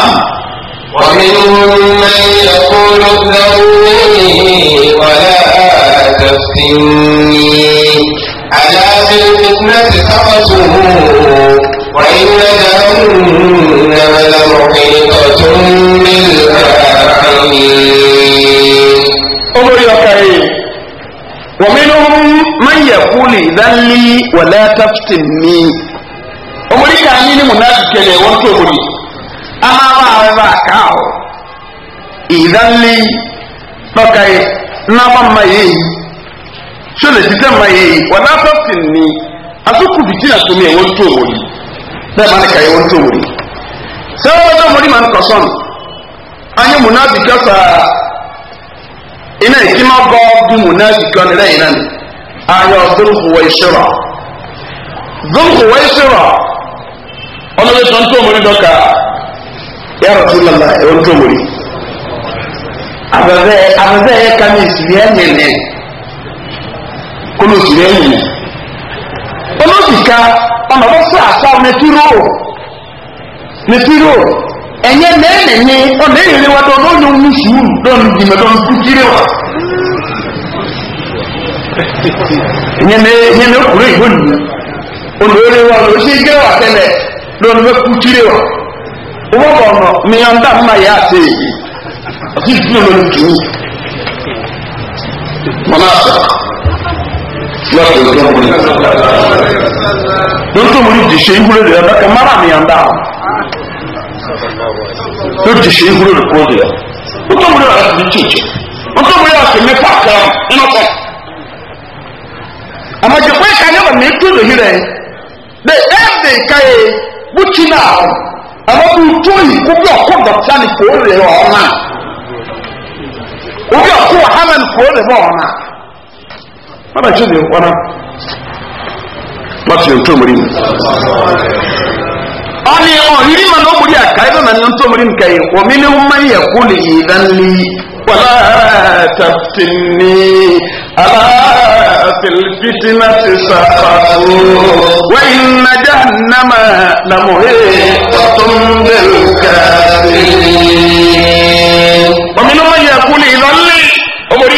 ومنهم من يقول اذروني ولا تفتني ألا بالفتنة سقطوا وإن جهنم لمحيطة بالكافرين أمري وكريم ومنهم من يقول إذن لي ولا تفتني أمري كامل منافق لأول تمري أما ما هذا كاو إذن لي فكي نمم يهي so na sisɛ mma yɛ yi wɔn afɔfin ni asoko bi ti na so mi a wɔn to wɔn yi bɛɛ ma ne ka yɛ wɔn to wɔn yi sɛ wɔn na wɔn ma no kɔsɔn anyi mu na bi kasa ina ekima bɔ du mu na bi kɔ ne lɛyìn nan ayɛ ɔdoro ko wɔn ehyɛrɛ doro ko wɔn ehyɛrɛ ɔno bɛ sɔn to wɔn dɔ ka yàrá tó lala ɛwɔn to yi abɛbɛ abɛbɛ yɛ ka mi si yɛ nene kóló sì rẹ yìí olóṣìkà ọmọ bá sọ àṣà ọmọ ẹtúrò ẹtúrò ẹ̀yẹ mẹ́rin ni ọmọ èrè wa dọ̀ lóyún ní sùúrù lọ́nà ìgbìmọ̀ lọ́nà kúkiri wa ẹ̀yẹ mẹ́rin ọkùnrin ìbò nìyẹn olóore wa ló ṣe gé wa tẹ́lẹ̀ lọ́nà bẹ́ kúkiri wa owó bọ̀ ọ̀nà mìíràn dá mma yà á ṣe èyí àti ìdúró lónìí kìíní mọ̀nà àṣà lọ́sọ̀rọ̀ tó múlẹ̀. lọ́sọ̀rọ̀ múlẹ̀ jì ṣe ìhúrò rẹ̀ lọ́kẹ́ mara mi yàn dáa. lọ́sọ̀rọ̀ jì ṣe ìhúrò rẹ̀ kúrò rẹ̀. lọ́sọ̀rọ̀ múlẹ̀ rẹ̀ ti jì jì. lọ́sọ̀rọ̀ múlẹ̀ rẹ̀ ti mi pàṣẹ nínú kọ́. àmọ́ jẹ́ pé ká yọ̀bọ̀ mi tó lòyìn rẹ̀. bẹ́ẹ̀ ẹ́ bẹ̀ ká yẹ bùtù náà àwọn kò tó yìí kó bí ọkọ̀ dọ̀tí ni kò rẹ̀ ọ̀ náà. òbí ọkọ̀ wàhálà ni kò rẹ̀ ọ̀ náà mọ́nà tí ó lè wọ́n wọ́n ti lè tó mọ́rí mi. ọ̀nì ọ̀nìrí mọ̀ náà mọ́rí àkàrí náà ní tó mọ́rí mi kàyé omi ni wọ́n máa ń yẹ kó lè yé dánlé wàlá tàbí ní aláfẹ̀lẹ́fìtìnà ti sàfàfò wẹ́yìn nàjà nàmà làmúhé ọ̀tún bẹ̀rù kàfé. omi ni wọ́n yẹ kó lè lọ́lé ọmọdé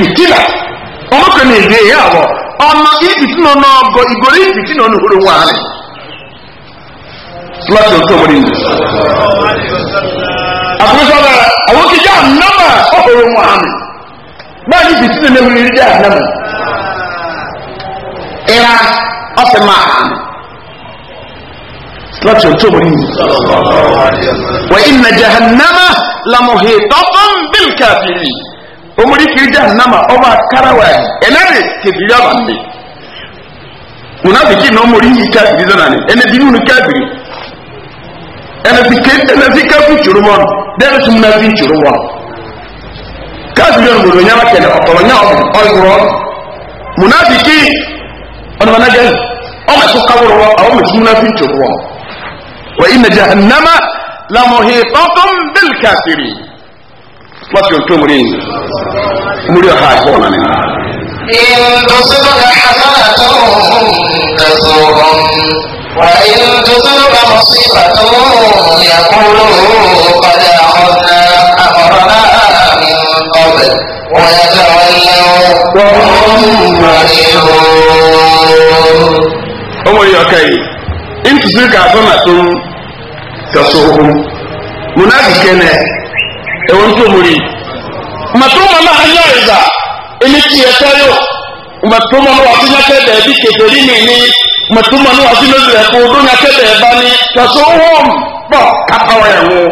fìtìlà ọmọ kan ní èdè yà wọ ọmọ ìfìtìnà ọgọ ìgòrò ìfìtìnà ní horo wà rẹ láti ọjọ́ wọlé yìí. àkóso ọ̀la àwọn kìjà nàmà ọ̀hóró wà rẹ báyìí ní fìtìnà ní ànámà. ọ̀sẹ̀ máa hàn láti wà ìnà jahannama lamuhi omuli kiri jahannama ọba karawaani ẹnari kebiri abambe munafiki na omuli yi kabiri zanani ẹnẹbi nunu kabiri ẹnẹbi ke ẹnẹbi kafu tsoro mọnu dẹbi tun nafi tsoro mọnu kabiri ọnu gbọdọ nyaba kẹlẹ ọtọrọ nya ọmọ ọyọrọ munafiki ọnu mana gẹlẹ ọmọ ẹkọ kawuro wọ àwọn mẹsùn munafi tsoro mọnu wa ina jahannama lamọhi tọtọm bil kafiri láti ọ̀tọ́ mú rí ní mú rí ọ̀ha àgbọ̀ ọ̀nà nínú. ìdòsílùkà hasana tó ń tẹ̀sọ̀ ọ̀hún wà ìdòsílùkà mọ̀síbà tó ń yàgòrò padà ọ̀nà àmọ̀ràn àmì ọ̀bẹ̀ wọ̀nyàtọ̀ ọ̀nà ọ̀hún. ọmọ yìí ọkà yìí ìdòsílùkà hasana tó ń tẹ̀sọ̀ ọ̀hún mùnàfíkẹ́ náà ẹ̀wọ̀n ní sòmùrì màtúmọ̀ náà ayé ẹ̀dà ẹni tí ẹ tẹ́lẹ̀ màtúmọ̀ náà wà sí nyakẹ́ bẹ́ẹ̀ bí kẹfẹ́rí mi ní màtúmọ̀ náà wà sí lóṣù ẹ̀kọ́ odó nyakẹ́ bẹ́ẹ̀ bá ní kẹsàn án wọ́n bọ̀ kápáwọ̀ ẹ̀ wọ́n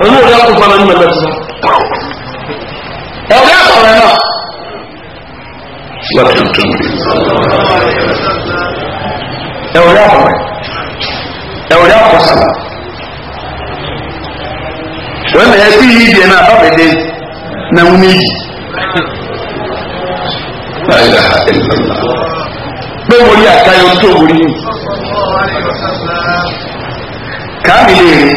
ẹ̀rú òde àkókò náà ní mẹ́lẹ́ tó ẹ̀rú àkọ̀rẹ́ náà. ẹ̀rú àkọ̀rẹ́ ẹ̀rú àkọ̀sán. na mẹ̀yẹ sí yìí na náà na wọn méjì. gbogbo orí àkáyọ tó wọlé yìí. káàmì léèrè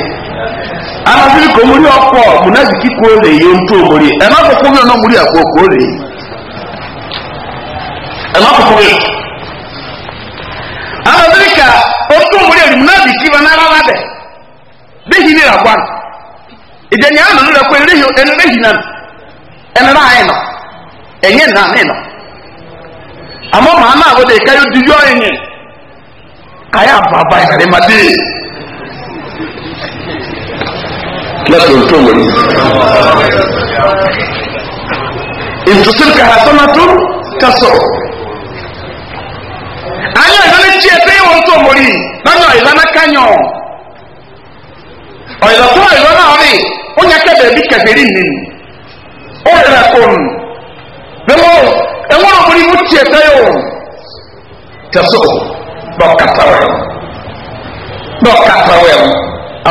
anasiri kò múlí ọkọ múnájì kíkó lè yẹ ọkụ múlí ẹ má kókó bí ọ̀nà múlí àpò kó lè yìí. ẹ má kókó bí. anasiri ka ó tó bí yìí ìjẹni àmì ló lọ́kọ́ ẹnu lẹ́yìn náà ẹnu náà ẹ̀ nọ ẹ̀yẹ náà mi nọ àmọ́ màmá àwọn ọdẹ ìkáyọ̀ di yọ ẹ̀yìn káyà bàbá ìkàlẹ̀ máa dé lọ́sọ̀ tó wọ̀ ní. ìtúsí kàrà sọ́nàtún kásọ̀ ayé ìlànà tí ẹ bẹ́ẹ̀ wọ́n tó wọ̀ ní lọ́nà ìlànà kányọ̀ ọ̀yọ̀ tó onye kebe bi kebiri nni o yɛrɛ kon bɛmɔ ɛwɔn omori mu tiɛ tɛ yɛ o tɛso dɔ kata wɛ dɔ kata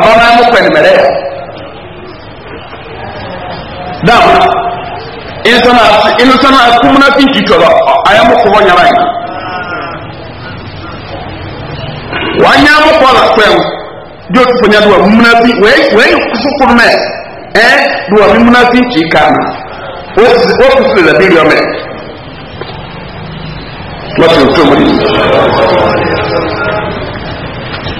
b'a n'a mu pɛn mɛrɛ dam insana insana kumuna fi jitɔlɔ a y'a mu kɔgɔ ɲaga yi wa n dio tu fanya duwa munafi wei we kusukuru me eh duwa mi munafi chikana o o kusukuru la bili yome watu utumuri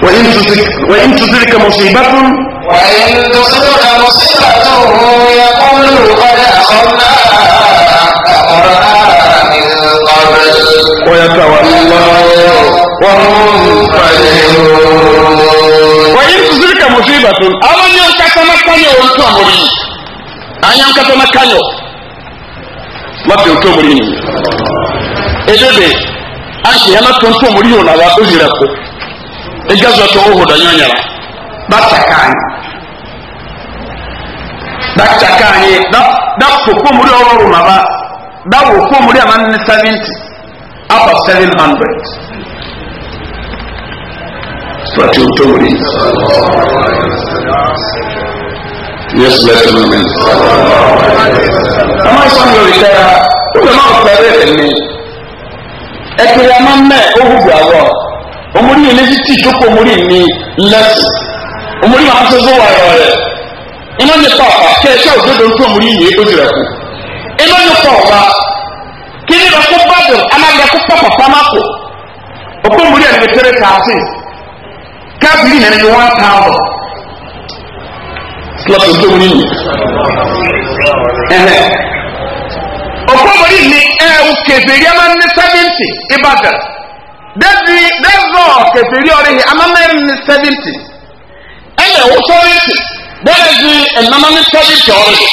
وإن تزرك in تزرك مصيبة وإن تصبك مصيبة يقول قد أخذنا أمرنا من قبل ويتولى وهم فرحون kwanyere yín ka kà mùsùlùmí bàtú nkata na kányọ̀ wọ́n tún anya nkata na kányọ̀ wọ́n nke tún ebebe edebe ahyɛ ya ato ntụ ɔmo ihe wɔn awa ozira ko egya zɔ to ɔwɔ dɔ na bata kaanyi bata seven pàtó tó wòlé yesu bẹ tẹnu mi. ọmọ ìsọmi lórí tẹ́ra ọmọ náà pẹ̀lú ẹ̀mí ẹ̀kẹ́rẹ́ ọmọ mẹ́ òhùgbù àwọ̀ ọmọdé yẹn létí tí ìjókòó ọmọdé mi lẹ́sì ọmọdé máa tó zó wà ẹ̀rọ rẹ̀ iná ní pàpà kẹ́ẹ̀kẹ́ òdodo ń tó ọmọdé yẹn ó jìrẹ̀ kù iná ní pàpà kí ni ìrọ̀kú bá dùn anágbẹ́kú pàpà pàmákò ọkọ̀ ọmọdé yẹn lè tẹ́rẹ̀ kàásì káfíìrì náà ní one thousand slot tó tóbi nínú ẹ̀hẹ̀ ọ̀pọ̀mọ̀rí ni ẹ̀ ń kẹfẹ́rí ẹ̀ máa ń ní seventy ìbàdàn dẹ́bi dẹ́zọ̀ kẹfẹ́rí ọ̀rẹ́ yìí àmà mẹ́rin ní seventy ẹ̀ yẹ wọ́n sọ́wọ́sì bẹ́ẹ̀ di ẹ̀nàmà ní seventy ọ̀rẹ́ yìí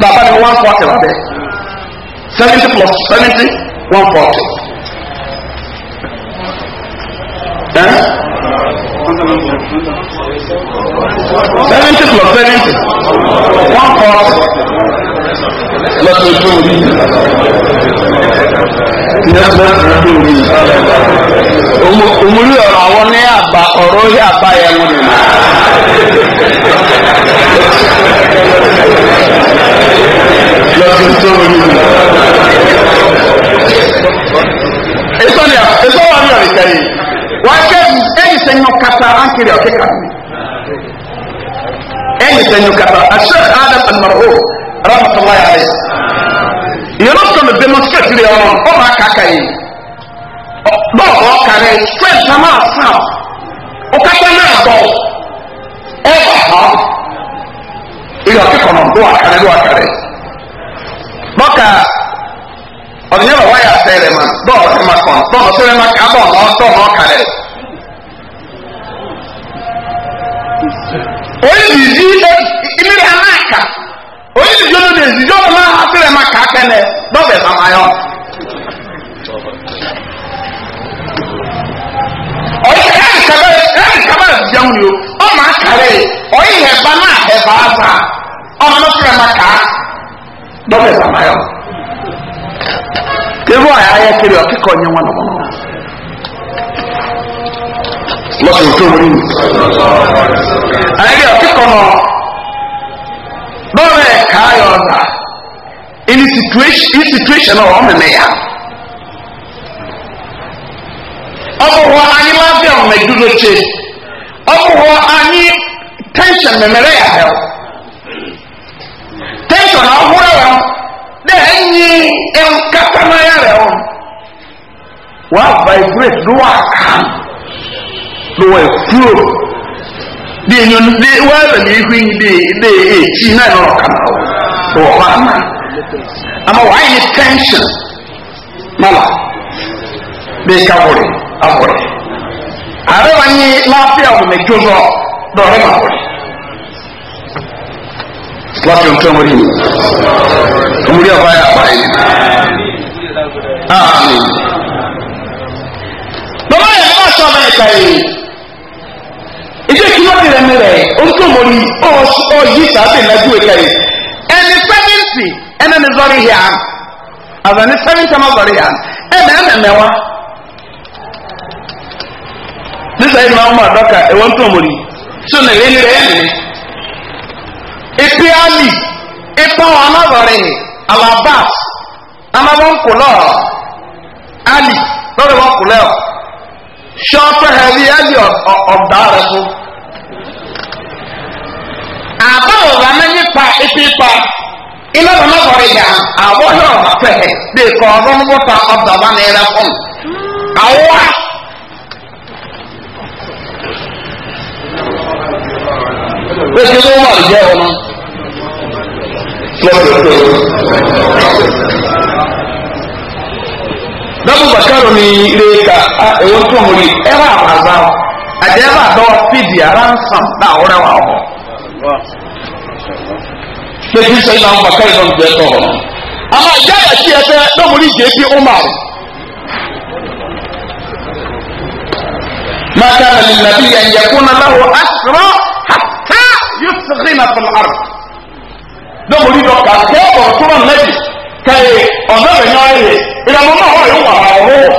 bàbá ni one forty wà bẹ́ẹ̀ seventy plus seventy one forty seventy plus seventy one cross lọ́sọ̀tò orí òmùrí ọ̀rọ̀ àwọn ní àbá ọ̀rọ̀ orí àbá yẹn mú ni mà. lọ́sọ̀tò orí. sɛnyɔ kata ankiri ɔkɛ kati ɛyɛ sɛnyɔ kata ahyɛn adam anamaro rahmatulah yare yɛrɛ sɔrɔ demonstrate yɛ wɔn ɔma kaka yi bɔɔlɔ ɔkari strength ama asa ɔkata naa bɔ ɛba e, ha ɛyɛ ɔkɛ kɔnɔ do akari do akari bɔka ɔdi nyɛ ba waya sɛrɛ ma bɔɔlɔ sɛrɛ ma kɔn bɔɔlɔ sɛrɛ ma kaa bɔɔlɔ ɔtɔ ma ɔkari. oyizi imiri ha n'aka oyizi ọnụ na-ezizi ọnụ ahụ maka akene dọbịa samayọ oyi ha nkaba ha nkaba ezizi ọnụ yo ọ ma akara oyi ha eba na eba aza ọnụ n'asịrị maka dọbịa samayọ kevu ya kiri onye nwa lọ́sọ̀ tó wọlé mi. Àyẹ̀dẹ̀ ọ̀tí kọ̀nà bọ́ọ̀rẹ̀ káyọ̀ ọ̀dà in situation náà wọ́n mẹ̀mẹ̀ yá. Ọ̀pọ̀ wọ anyị máa bẹ̀ ọ̀mẹ̀ dúró ṣe. Ọ̀pọ̀ wọ anyị tension mẹ̀mẹ̀rẹ̀ yà hẹ̀. Tension ọ̀húrẹ̀ rẹ̀ dẹ̀ ẹ̀yìn ẹ̀ńkátánáyà rẹ̀ wọ́n. Wà á vibrate lówó àkàmù lọ́wọ́ ẹ̀ kúrò bí ẹ̀yàn bí wọ́n á lọ́lẹ̀ ikú yìí bí ilé èjì náà ní ọ̀kà náà wọ̀ wá náà àmọ́ wàá yẹ tẹ́ńṣìn mọ́là bí káwọ̀rẹ̀ àwọ̀rẹ̀ ààrẹ wa ní láàfin àwọn mẹjọ náà lọ́rẹ́ máa wọ̀rẹ̀ láti ohun tó ń wọlé yìí ọmọdé àbáyé àbáyé ààmì bàbá yẹn bá sọ ọmọ ẹ̀ka yìí ìjọ kí wọ́n bẹ̀rẹ̀ mẹ́rẹ̀ orúkọ mọ̀rí ọ̀yí sàbẹ̀ lẹ́jú ìka yìí ẹni sẹ́fẹ̀ntì ẹni ní zọrí hìá àbẹ̀ ní sẹ́fẹ̀ntì ọmọ zọrí hìá ẹ̀mẹ̀ ẹ̀mẹ̀ mẹ́wàá nísà yìí máa ń mọ àdọ́kà ẹ̀wọ́n tó mọ̀rí tó nà ẹ̀yẹ́ nírẹ̀ ẹ̀mẹ̀ ìpè àlì ìpọ̀ ọ̀nàzọ̀rì alabas amábọ̀nkùlọ̀ àlì lọ́rẹ̀ wọn kùlẹ̀ ṣọ́ọ̀fẹ́ ẹ̀rí ẹ̀lì ọ̀dá rẹ̀ fún. àbáwò bá mẹ́ nípa ipi pa iná bàmá sọ̀rọ̀ ìyá àbọ̀ yọ̀ ọ̀bà pẹ̀hẹ̀ bí kò ọ̀rọ̀ ń bọ̀ta ọ̀dà bá ní ẹ̀rẹ́ fún. àwa. bẹ́ẹ̀ ni wọ́n wà lójú ẹ̀rọ náà dɔbu bakaro ni reka a ewo ntomori ɛra abaza adeɛ ba dɔwɔ pidi ara nsam na awore wa ɔbɔ pepi sɛ na bakaro dɔm bɛ tɔ hɔ ama gya yɛ tiɛ sɛ dɔmori gye fi umar ما كان للنبي أن يكون له أسرى حتى يسخن في الأرض. ده مريد كاكا وصورة النبي kẹyì ọzọ rẹ̀ yọ ẹ̀yẹ ìyàwó náà wọ́n yóò wà ọ̀rọ̀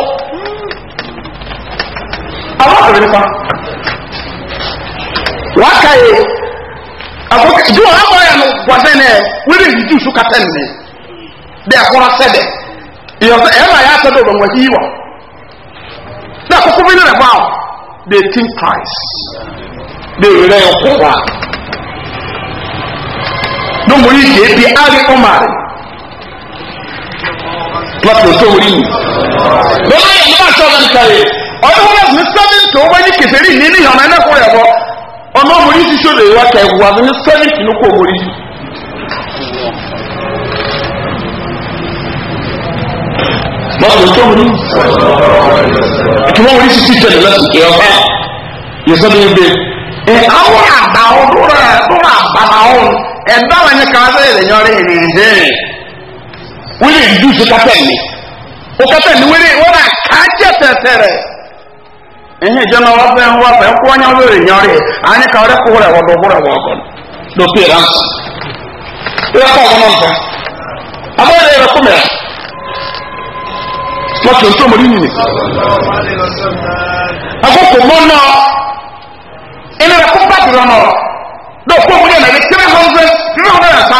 alákùnrin nípa wà á kẹyì àbúkẹ́ bí wọ́n á bọ̀ yẹn no gbọ̀dẹ́ nẹ wíwí ìdíjú ìṣú kata nìyẹn dẹ́ ẹ̀kọ́ra sẹ́dẹ̀ ìyọ̀sẹ̀ ẹ̀ máa yà á sẹ́dẹ̀ ọ̀gbọ̀n wọ̀nyí wọ̀ ní àkókò bí nínú ẹ̀fọ́ àwọn they think twice láti ọ̀tọ̀ orí mi. Bẹ́ẹ̀ni ẹ̀mí bá sọ̀rọ̀ nìkàlẹ̀, ọdún wọn ní sẹ́mìntì owó ní kẹsẹ̀rí ní ní ìhànà ẹ̀nà kúrẹ̀ bọ̀. Ọmọ orí ti ṣòro ìwà kẹ̀wù àbí ní sẹ́mìntì ní kò orí. Bọ́ọ̀lù tó mú. Ìtumọ̀ orí ti ti tẹ̀lé lẹ́sùn kí ọba yẹ sọ́dọ̀ ebe. Ẹ àwọn àgbà ọdún rẹ̀ ọdún àgbà ọ̀hún ẹ̀dá wọn ni kàwé ẹ̀rẹ̀ yọrí ìrìn wọ́n lè reduce kọ́pẹ́ mi o kọ́pẹ́ mi wọ́n lè wọ́n náà ká jẹ́ tẹ̀tẹ̀rẹ̀ ẹ̀hìn ìjọba wọ́n fẹ́ wọ́n fẹ́ kó ọ̀nyá wọ́n lè yàn rẹ̀ àní ká ọ̀rẹ́ kúrẹ̀ wọ́n lọ kúrẹ̀ wọ́n kọ́ lókè rán ìwé kọ́ ọ̀gbọ́n náà nǹkan abẹ́rẹ́ rẹ̀ kúmẹ̀ wọ́n tó ń tó mọ̀rí nìyí. àkókò mọ́ náà ẹni rẹ̀ kó bá dùrọ̀ náà lọ́ọ̀ kó mọ́ náà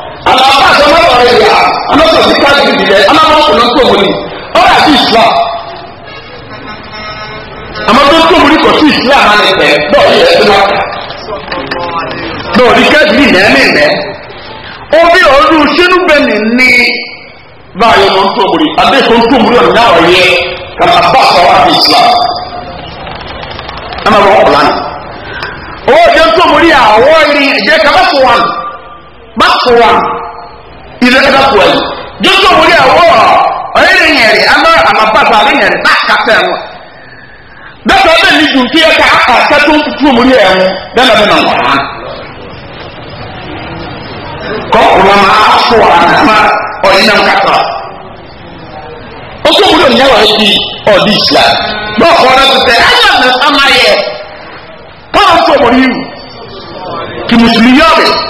àmà bá a sọ ma wà rẹ yà àmà sọ sí káàdì bìbí dẹ àmà wọn kò náà tó wọlé ọ̀rọ̀ àti islam àmà tó tó wọlé kò sí islam àná ìpè bọ́ọ̀lù yẹn tó náà bọ́ọ̀lù káàdì bìbí obi ọdún sínú bẹ́ẹ̀ni ní báyọ̀ náà tó wọlé àdéhùn tó wọlé ọ̀nà náà wọ̀ yẹ wà rẹ islam àmà wọn kò lánàá owó ìjọ tó wọlé àwọn ìjẹ kàmá fún nù. mafuwa ilé ẹ̀dá fuwa yìí jókòó wòlé ẹ̀wọ́ ọ̀yẹ́ lè yẹ̀rì àmà àmàbàbà lè yẹ̀rì náà kàtà ẹ̀wọ̀ dọ́kítà bẹ́ẹ̀ ni dùn fíyẹ ká àkàtà tó ń tutù wòlé ẹ̀wọ̀ bẹ́ẹ̀ bẹ́ẹ̀ nà wọ̀ hàn kọ́ ọ̀rọ̀ ma afuwa àmà ọ̀yẹ́ nà kàtà ọkọ̀ wòlé ònyàwó ayé bi ọ̀dí ìsìlá dọ́kọ̀ ọ̀rọ̀ tẹ̀tẹ̀ ayé àmà yẹ pọ́ọ̀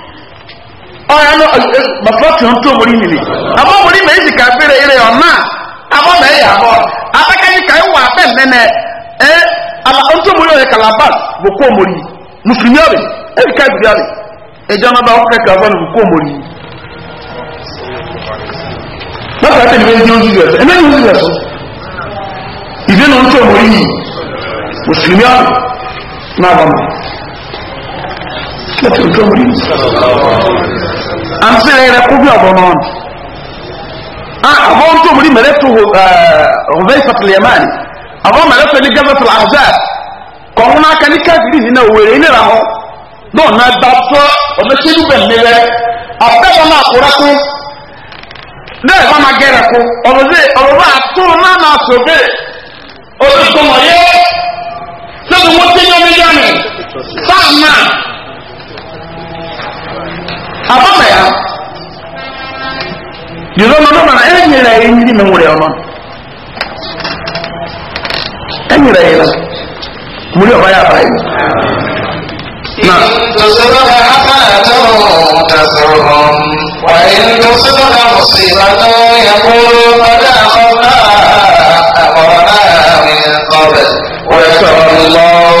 ọ̀rẹ́ lọ mọ̀fọ́tì ń tó mọ̀rí nìyí àbọ̀ mọ̀rí mẹ́rin sì kàfẹ́rẹ́ eré ọ̀nà àbọ̀ mẹ́rin àbọ̀ abụọ kàí wà bẹ́ẹ̀ mẹ́nẹ́ ẹ́ àlà ń tó mọ̀rí ọ̀rẹ́ kalabas bò kó mọ̀rí mùsùlùmí ọ̀rẹ́ ẹ̀rí ká gbé ọ̀rẹ́ ẹ̀jẹ̀ ebe ozi na musulmi na lọ́tọ̀ tó mú rí. à ń sèré rẹ kú bí ọ̀bọ̀ náà ni. àbọ̀ ń tó mú rí mẹ́rẹ́ tó ọ̀bẹ́ ìfọ̀tìlẹ̀ máa ní àbọ̀ mẹ́rẹ́ tó ní gẹ́fẹ́tì àzá kọ̀ọ̀hún náà kẹ́ni káàkiri nínú òwèrè ilé ra hàn náà náà gbà fọ́ ọ̀bẹ sẹ́yìn bẹ̀ mí rẹ àbẹ́wọ̀n náà kúrá kú bẹ́ẹ̀ bá máa gẹ́rẹ̀ kú ọ̀bẹ àtúrò náà náà sọ bẹ́ẹ̀ olùsọmọ yẹ sẹ́gun mo ti yan mi yá mi fáàmù náà. abama ya yìí lọ́nà lọ́nà ẹ̀yìn rẹ̀ yìí ní mi wúrẹ̀ ọ̀nà ẹ̀yìn rẹ̀ yìí lọ mo rí ọ̀bá yà bá yìí. na. ìtòsílọ́kà afáàtọ̀ tẹ̀sọ̀rọ̀ wà ìtòsílọ́kà mùsùlùmí yàgòrò padà àkọ́kọ́ àkọ́kọ́ àmì ẹ̀kọ́ rẹ̀ wọ́n ẹ̀kọ́ lọ́wọ́.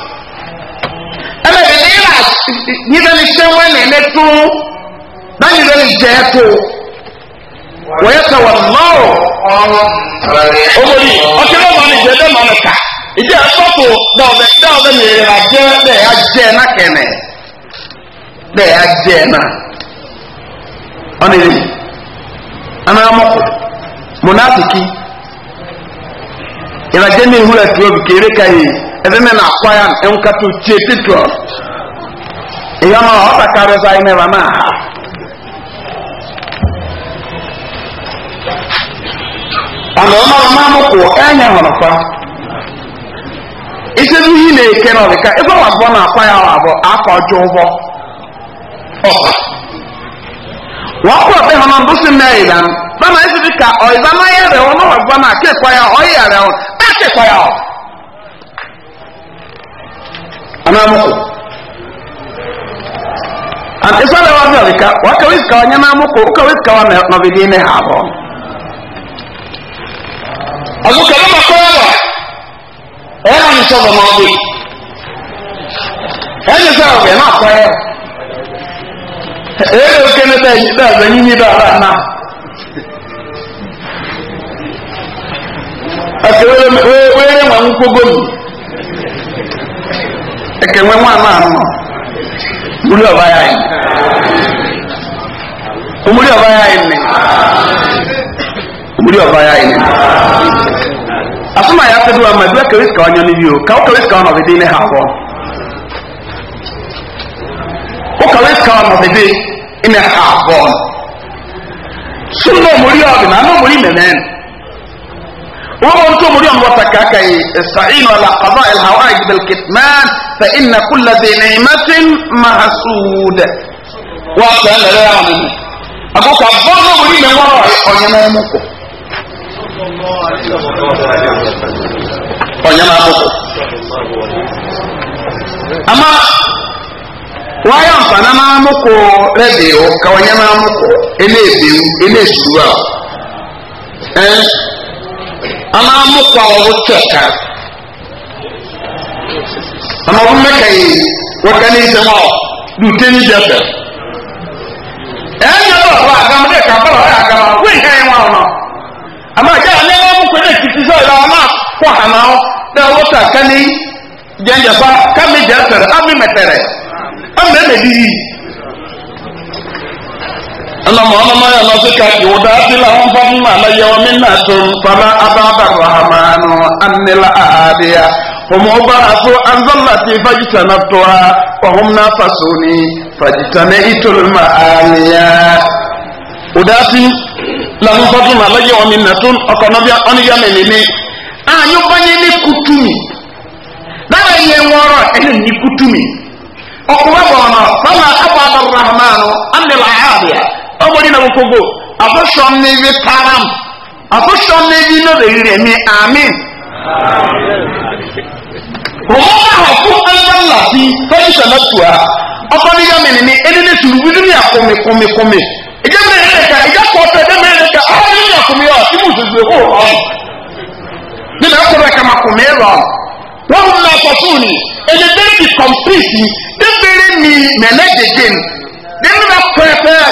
ɛmɛ bi ne nyina ni hyɛn wɛ na ɛmɛ to na nyina ni gyɛ to wɔyɛ sɛ wɔn mmawo ɔmɔdi ɔtí bɛ ma ni gyɛ bɛ ma ni ka ìdí ɛfɔ to dɛ ɔbɛ dɛ mi yɛrɛ la gyɛ dɛ ɛyà gyɛ na kɛnɛ dɛ ɛyà gyɛ na ɔni yi ana amɔko munafiki ìlàjɛ ní ìhúra tiwọ́ bi kéré ka yìí. m na akwa ya nkata uche petros ihe ọma ọ takarịza anyị n'ebe na aha. ana ọma ọma mụkwụ enye hụrụ isi ihe na-eke na ebe ọ abụọ na akwa ya abụọ afọ ọjọ ụgbọ wọ́n kọ́ hàn bùsùn lánàá ẹ̀sìn ọ̀ náà wà gbọ́n náà ọ̀ anamuko isala wazalika wakawizika wanyanamuko ukawizika wa mavidine habo azukalama kwaba era nisoba mabi ene sawa bena kwaye ere ukene da yida da nyinyi da rana akere were wangu kogomi ẹ̀kẹ́ wọn máa máa nù múlí ọba yá yìí múlí ọba yá yìí ni múlí ọba yá yìí ni asoma ya fẹ́ duwa ma duwa kẹwé sika wọn yọ níbi o kàwé kẹwé sika wọn ọ̀fẹ́ dé ní ha wọ ó kàwé sika wọn ọ̀fẹ́ dé ní ha wọ sunu náà múlí ọ̀bì náà náà وما أنتم اليوم وتكاكي استعينوا على قضاء الحوائج بالكتمان فإن كل ذي نعمة وقت انا لا يعلم أقول كفرنا ولي من وراء أنا يموكو أنا يموكو أما wáyà nfààná máa mú kó rẹ́bìí ó kàwé yẹn máa mú kó ilé ìbí ilé ìṣúra ẹ́ ama amukwa ɔwɔ kyɛka ama ɔmo mɛka yi wɔka ne nsɛm a dute ne dɛfɛ ɛnyɛ bɛ ɔwɔ agama dɛ kaba ɔyɛ agama wɔn nka yɛn wɔn no ama agya ne wɔn mu kɔ dɛ titi sɛ na ọ akɔ hanaw dɛ ɔwɔ ta ka ne gyɛngyɛfa ka mi dɛfɛ ami mɛtɛrɛ ɔmo ɛmɛ dii. ɛna mo ɔmo mayɛ no sika yow daasi la wɔn fa mma na yɛ wɔn nna tom fama ababa rahamanu anila aadiya wɔn ɔba aso anzalati fagita na toa wɔn na fasoni fagita na itolma aaliya odaasi la wɔn fa mma na yɛ wɔn nna tom ɔkɔnɔbia ɔne yɛ mɛnini a yɔbanye ne kutumi dara yɛ wɔrɔ ɛna ne kutumi ɔkuma bɔn na fama ababa rahamanu anila aadiya ọmọdé náà gbogbo àfọṣọm ní ibi karam àfọṣọm ní ibi náà lè rẹ̀ mí amin. wọ́n bá wà fún ẹgbẹ́lá sí fẹ́ẹ́sì ọ̀nàtùwà ọkọ níyà mi nìní ẹni ní sùúrù wíwí ní àkómi kómi kómi ìjà mẹ́rin rẹ̀ ká ìjà kọ́ ọ̀tẹ̀ ẹ̀dẹ́ mẹ́rin rẹ̀ ká ọ̀rọ̀ ní àkómi ọ̀ tí mo ṣèṣe hó ọ̀ nínú ẹ̀kọ́ rẹ̀ kà má kómi rọ̀ wọ́n mú náà sọ fún mi ẹni dẹ́bi kọ̀mpìtì dẹ́bẹ̀rẹ̀ mi mẹ́lẹ́dẹ̀dẹ̀ nínú ẹ̀kọ́ rẹ̀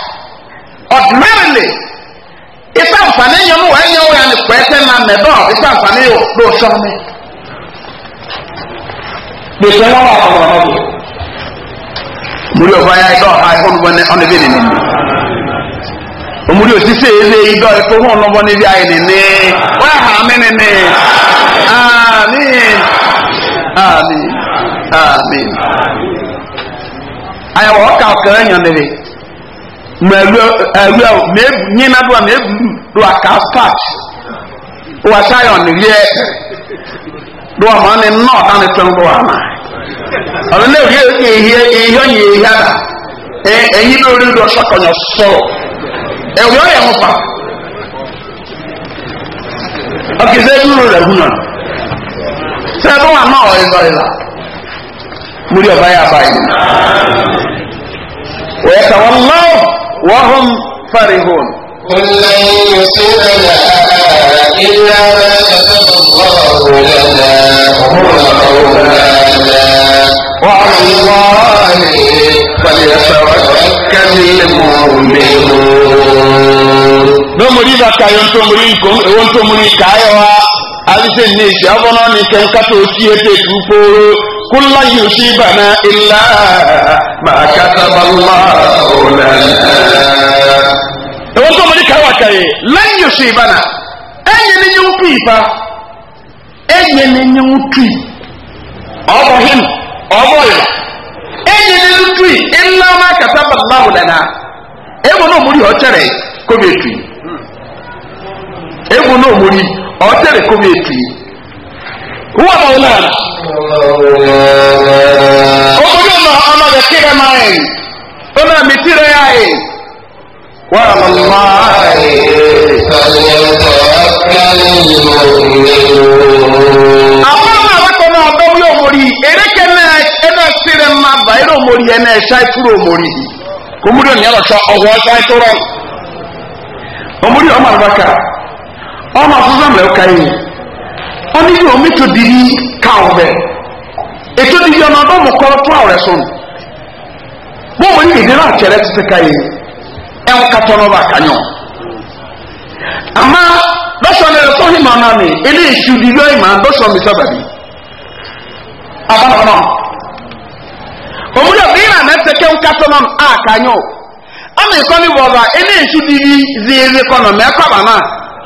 ordinarily ife àǹfààní yẹn mu wàá yẹn wọ́n ní pẹ́ẹ́tẹ́ náà mẹ́dọ́ ife àǹfààní yẹn ló sọ mi. gbèsè wọn wà ọmọ ọmọ bò. omuri ọba ya ẹdọ ọha ẹkọ nubọ ní ọdún ebéèrè nínú. omuri osisi ele idọ ẹkọ hún nubọ níbi ayé nínú. wọ́n yà hàn mí nínú. amin amin amin. ayẹwo ọkà ọkà ẹ̀yàn nínú nyina do a na ebulu do a kaa starch wa sayon ne yɛ do a maa ne nna ɔda ne tɔn do a ma ɔno ne yɛ ehia ehia nyɛ ehia da ɛ ɛyi do ori do ɔsɔ kɔnyɔ sɔrɔ ɛwɔ yɛ mo fa ɔkisa eduro la hu na sɛ do a ma ɔyɛ zɔyɛ la mo di ɔba yɛ aba yi na wɔyɛ sɛ wɔn وهم فرحون قل لن يصيبنا إلا ما كتب الله لنا هو مولانا وعلى الله فليتوكل المؤمنون nomori ba ka yon tomori nkom ewon tomori ka ayo alise ni isi abono ni kenkato si ete tu poro كلا يصيبنا إلا ما كتب الله لنا ẹ̀wọ́n tó mọ̀lẹ́ka wà kàyé lẹ́yìn oṣù ìbànà ẹ̀yẹ ni yẹn ń tu ìfà ẹ̀yẹ ni yẹn ń tu ọ̀bọ̀ him ọ̀bọ̀ yẹn ẹ̀yẹ ni yẹn ń tu ẹ̀nà ọmọ akata bàbáwò lẹ́nà ẹ̀wọ̀n náà mórí ọ̀tẹ̀rẹ̀ kó mi ètù ẹ̀wọ̀n náà mórí ọ̀tẹ̀rẹ̀ kó mi ètù yìí. huwa maulana okujoma amabekire maen ona mitire yae walallahi abana bakona adamu yomori ereke enesire mmaba era omori enesha ifuru omori kumuri oni alasa ọwọsa itoro omori ọmọ Ọ ọmọ asụsụ mmeruka yi ɔne yi ɔmo to didi kaw bɛ eto didi ɔno ɔdɔ mo kɔrɔ to awɔrɛ so no bɔn mo ni didi na akyerɛ tete ka yi ɛn katɔ na ɔba akanyɔ ama dɔsɔ ne yɛ sɔhi ma naani ɛna esu didi ɔyi ma dɔsɔ mi sɛ bɛbi abanabana ɔmo yɛ bi na mɛsɛ kɛ n katɔ na akanyɔ ɔmo ekɔ ne bɔ ɛna esu didi ziiri kɔnɔ mɛ ɛkɔ abana.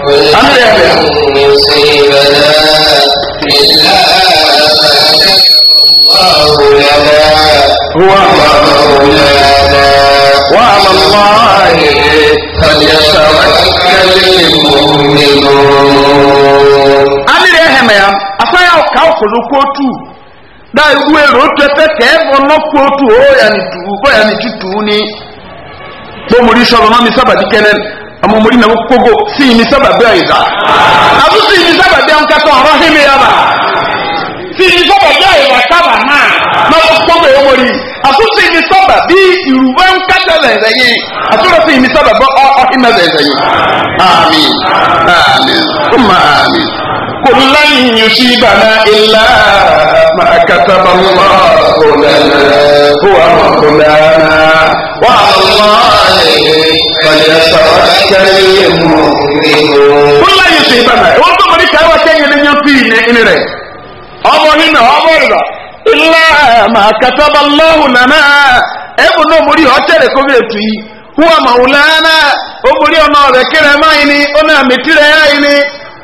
هو وعلى الله فليتوكل المؤمنون أمير يا أفايا وكاوكو لوكوتو da iwu ero tẹtẹ tẹẹbọ nọpọ otu o yanni tu o ni gbomori sọlọ mami sábàdí kẹnẹ mu muri na kogo si ni sababu ya iza abu si ni sababu ya mkato rahimi ya ba si ni sababu ya saba na na kogo ya muri abu si ni sababu iruwa mkato za iza yi asura si ni sababu o rahima za iza yi amin amin umma amin قل لن يصيبنا إلا ما كتب الله لنا هو مولانا وعلى الله kúlá yìí sì bẹ̀rẹ̀ wọ́n tó mọ̀rí káwọ́ sẹ́yìn ní yóò fi na ìní rẹ̀ ọmọ yìí nà ọmọ ìlà ilá mà kàtàbà lọ́hùn nàná ẹ̀bùn náà mọ̀rí ọ̀tẹ̀rẹ̀ kó bẹ̀rẹ̀ tù yìí wọ́n mọ̀ wùlá náà ó mọ̀rí ọ̀nà ọ̀rẹ̀ kẹrẹ̀ máa yìí ni ó náà mẹ̀tìrẹ̀ yá yìí ni.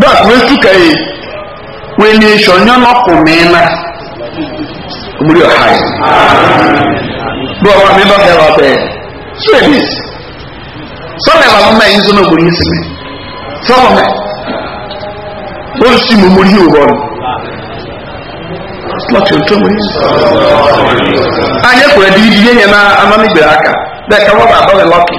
dɔk wesu ka yi wele sɔnyɔ nɔkò mɛna omuli ɔha yi do ɔba mi lɔhɛ wa bɛ sɛbi sɔmɛ la mɛ yi na omuli yi sɛmɛ sɔmɛ o si mu omuli yi bɔ tó yi anyɛ kura di yɛ nyɛ na amami aka ba lɔki.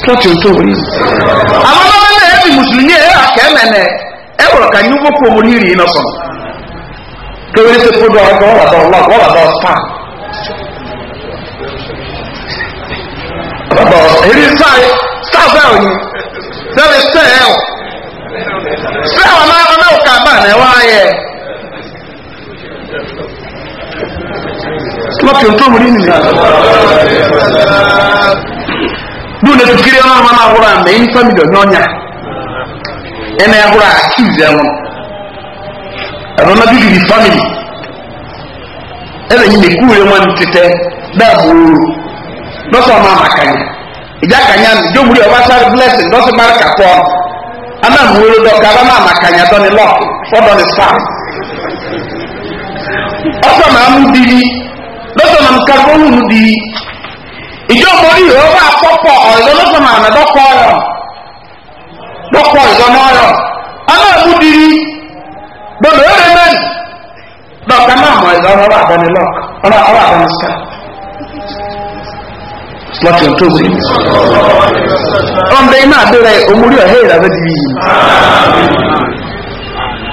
sọ́ọ̀tì ọ̀tọ̀ wòlíì. àwọn Amụma náà ẹ̀mí mùsùlùmí ẹ̀ àkẹ́ mẹ́nẹ̀ ẹ̀ wọ̀rọ̀ kà ka kú omi ní ìrìn lọ́sàn. kéwìrì ti dị dọ̀ ọ̀dọ̀ wọ́n wà dọ̀ wọ́n wà dọ̀ star. ọ̀dọ̀ èyí e ọnụ ọma na-ahụrụ a mee famili dị ọnya ị a na bibiri famili ebe nyina ekwu nwa ntete uru dọsọ ọma maka ya ịja ka ya ndị omuri ọbasa blessing dọsọ mara ka pọl ana m were dọka aba na maka ya dọni lọk fọdọni ọsọ na amụ dọsọ na ìjọ mọ̀rí rẹ̀ wà pọ̀pọ̀ ọ̀dọ́ ló sọ̀mọ̀ àmì lọ́kọ̀ ọ̀yọ̀ lọ́kọ̀ ìjọmọ ọ̀yọ̀ aláàbù dìrí gbọdọ̀ ó mẹ́rin lọ́kà náà mọ̀ ìlọ ọ̀rọ̀ àbọ̀nì lọ́k ọ̀rọ̀ ọ̀rọ̀ àbọ̀nì ská lọ́kì tó sì ọ̀nbẹ iná àbẹ̀rẹ̀ òmùrí ọ̀hẹ́ yìí.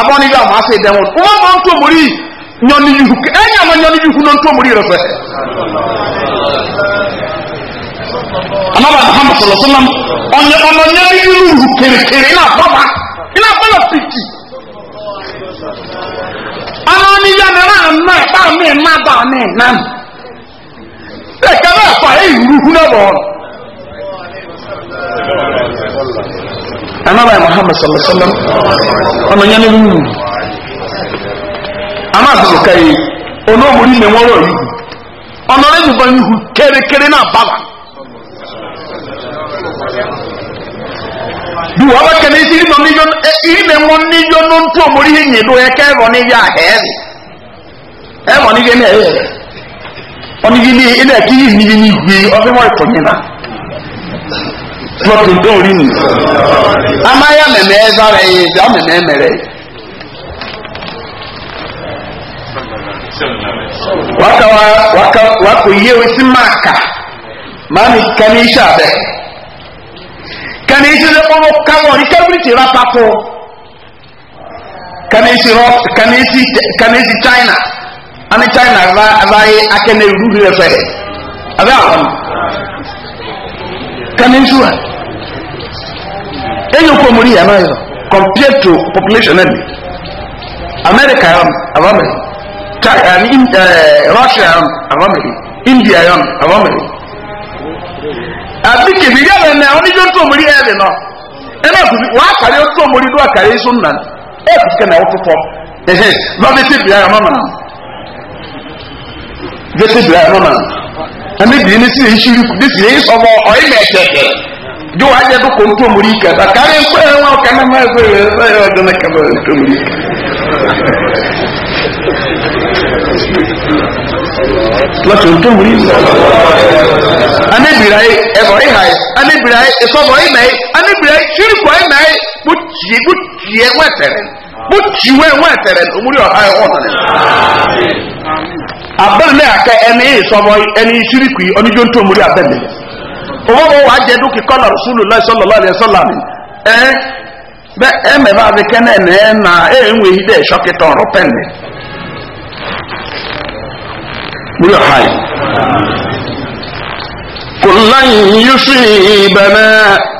abọ́ níbi àwọn aṣọ ìdẹ́wọ̀n wọ́n máa ń tó mórí yọ̀nì yìí ẹ̀yìn àwọn yọ̀nì yìí náà ń tó mórí rẹ̀ fẹ́. anábàá muhammed sọlọ sọlọ ọ̀nà ọ̀nà anaba muhammad sallallahu alaihi wasallam ọmọ yẹn nínú nù àmà àtúntò káyé onóòmùrí ni wọn rọ yìí ọ̀nà lẹ́yìn bọ́ yìí hù kérékéré náà bàbà bí wọ́n bá kẹ́lẹ́ sí ìrìnà níjọ́ ìrìnà wọn níjọ́ ló ń tó mórí yìí yìí ló yẹ onye ẹ̀rọ níjọ́ àhẹ́ẹ̀lì ẹ̀rọ níjọ́ ní tọ́tù tó rí nì. amáyá mẹ̀mẹ́ ẹ bá rẹ̀ yé ìjà mẹ̀mẹ́ mẹ̀rẹ̀. wákà wákà wákò yé o sí máa kà máa mi kẹ́ni iṣẹ́ abẹ. kẹ́ni iṣẹ́ lé kọ́wọ́ káwọ́ ní kẹ́bírìtì rà papọ̀. kẹ́ni iṣẹ́ rọ iṣẹ́ kẹ́ni iṣẹ́ china ani china abaye akẹ́ni rúbi rẹ̀ fẹ́ abẹ́ àwọn. kẹ́ni iṣẹ́ wa eyi ko muri yana yi compared to population ɛni eh? america yan abamiri yani russia yan um, abamiri india yan abamiri àbí kìbìrì àwọn ẹni àwọn oníjó tó omori ẹ bì nọ ẹ náà kùsì wọn àkàrí ó tó omori ló àkàrí èso nà ẹ kùsì kẹ náà ó tó fọ ẹhẹ lọbi sí bìrì àwọn ọmọ náà bẹsẹ bìrì àwọn ọmọ náà ẹni bìrì ní sí èyí ṣírí kù ní sí èyí sọ fọ ọyìn bẹẹ tẹtẹ jo aje do ko nto muri ka ba kare ko e wa ka na ma so e so e do na ka ba nto muri ka la so nto muri ane birai e bo e hai ane birai e so bo e mai ane birai shiri ko e mai bu ji bu ji e wa tere bu ji we wa tere o muri o hai o na amen abana ka ene so bo ene shiri ku oni jo nto muri abene owó wo wàá jẹ dúkì kọ́lá rasulu lọ́ọ́ sọ́lọ́ lọ́ọ́ lẹ́yìn sọ́lá mi ẹ bẹ ẹ mẹ́fà fi kẹ́nẹ́ ẹ̀ na ẹ ń wé yí dẹ́ ṣọ́kì tán ọ̀rọ̀ pẹ́ẹ́nì. múlò háì kò yusuf ìbẹ̀rẹ̀.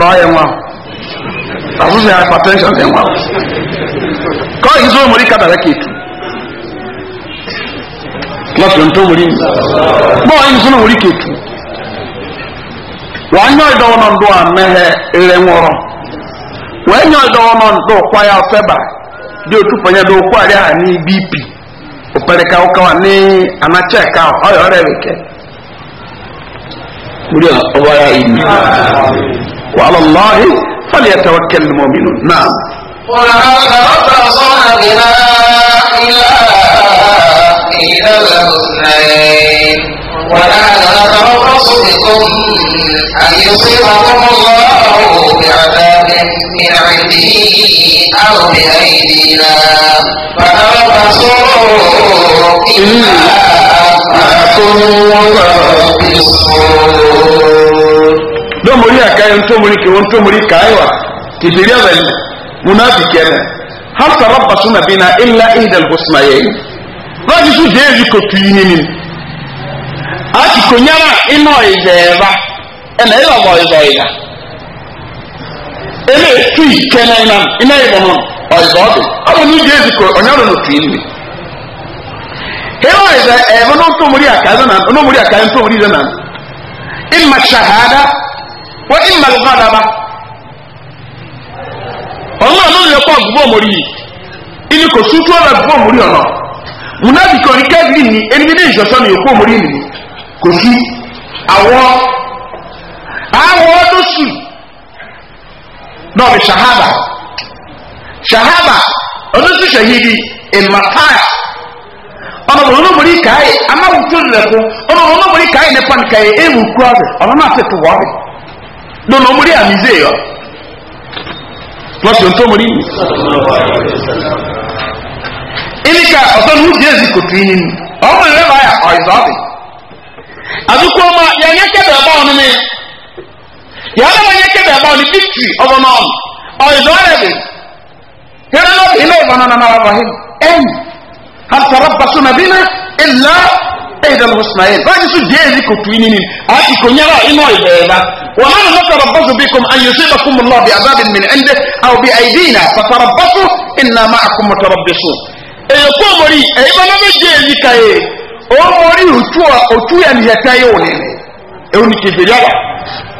rọọ ya nwa azụzụ ya hypertension ya nwa ka ọ yizu omori kadara ka etu lọsọ ntọ omori mgbe ọ yizu nwere ka etu Wa nyọ ìdọwọ nọ ndụ a mmehe ere nwụrọ wee nyọ ìdọwọ nọ ndụ ya ọfeba dị otu panye dị okwu arịa ha n'ibp ọyọ bekee. Muri وعلى الله فليتوكل المؤمنون نعم قل هل تربصون بنا إلا إلى الحسنين ولا نتربص بكم أن يصيبكم الله بعذاب من عنده أو بأيدينا فتربصوا إلا إنا معكم مربصون do muri akaye ntomuri ke ntomuri kaiwa tibiria ben munafikene hal tarabbasuna bina illa ihda alhusnayn baji su jeji ko tuyinini ati ko nyara ino izeba ene ila mo izoida ele tu ikene ina ina ibono oizobi abo ni jeji ko onyaro no tuyinini hewa iza ebo no ntomuri akaye na no muri akaye ntomuri zana imma shahada wọ́n ìmọ̀ lọ́kọ́ àdàbà ọ̀nà ọ̀nà ìlẹ̀ pọ̀ gbogbo òmòrì yìí ìní kò sún tó ọ̀rọ̀ gbogbo òmòrì ọ̀nà munafiki ọ̀nì kẹ́gìrì ni ẹni ní ìṣọ̀ṣọ́ ni òkú kò sí àwọ̀ ọdún sùn náà bí sahaba sahaba wọn wọn nípa ewu náà lọ́nà ọmọdé àmì ìzé yọ lọ́sọ̀ tó mọ̀rí mi. ìníkà ọ̀sán ní ìdí èzì kò tìí nínú ọmọ ìrẹ́ bá yà ọ̀ìzọ́ ọ̀bì. àdúgbò ọmọ yẹn yẹn kẹbẹ̀ ẹ̀bá ọ̀nù mi yẹn lọ́wọ́ yẹn kẹbẹ̀ ẹ̀bá ọ̀nù fífì ọmọ náà ọ̀ìzọ́ rẹ̀ bì. yẹn lọ́wọ́ ilé ìbọn náà náà wà ايضا الحسنيين فاجسو ديزي كتوينين اكي كنيرا انو ايبا وما نتربص بكم ان يصيبكم الله بعذاب من عنده او بايدينا فتربصوا انا معكم متربصون ايكو موري ايبا نمي ديزي كاي او موري هتوى هتوى نهتاي ونيني ايوني كيفي يلا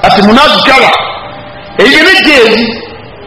اتمناز كلا ايجي ديزي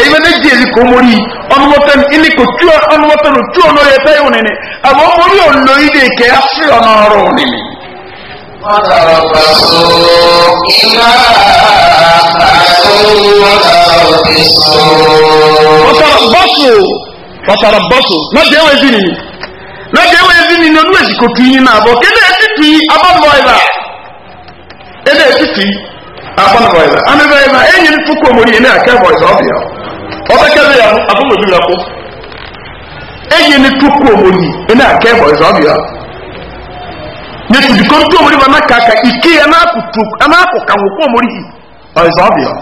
eyi ne di ezi ko mori ɔnumɔtɔn ini ko tuo ɔnumɔtɔn o tuo n'oye ta yi wonene abo mori o yi de ke asi ɔnɔrɔ wonene. wàtàrọ̀bàṣọ ìmá àtàkó wàtàrọ̀bàṣọ. wàtàrọ̀bàṣọ wàtàrọ̀bàṣọ lọ́jọ́ ẹ̀wọ̀n ẹ̀dín nìyí lọ́jọ́ ẹ̀wọ̀n ẹ̀dín nìyí ọdún èsì kò tu yín náà bọ̀ kéde èsì tu yín abọ́nubọ̀ ìlà kéde èsì tu yín abọ́nubọ̀ ìlà amẹ́bẹ̀ ìlà ẹ̀yìn fúkú omori yìí ní àkẹ́bọ̀ ìlà ọ̀bìyàn ọbẹ̀kẹ́lẹ́ yà abúmọ̀bí rẹ̀ kú eyi ni tukú omoni ẹni akẹ́bọ̀ ẹ̀sọ́ ọ̀bìyà nyesidi kọ́ntú omoni wọn akaka ike anakutu anakuka wọ́n kú omoni yìí ẹ̀sọ́ ọ̀bìyà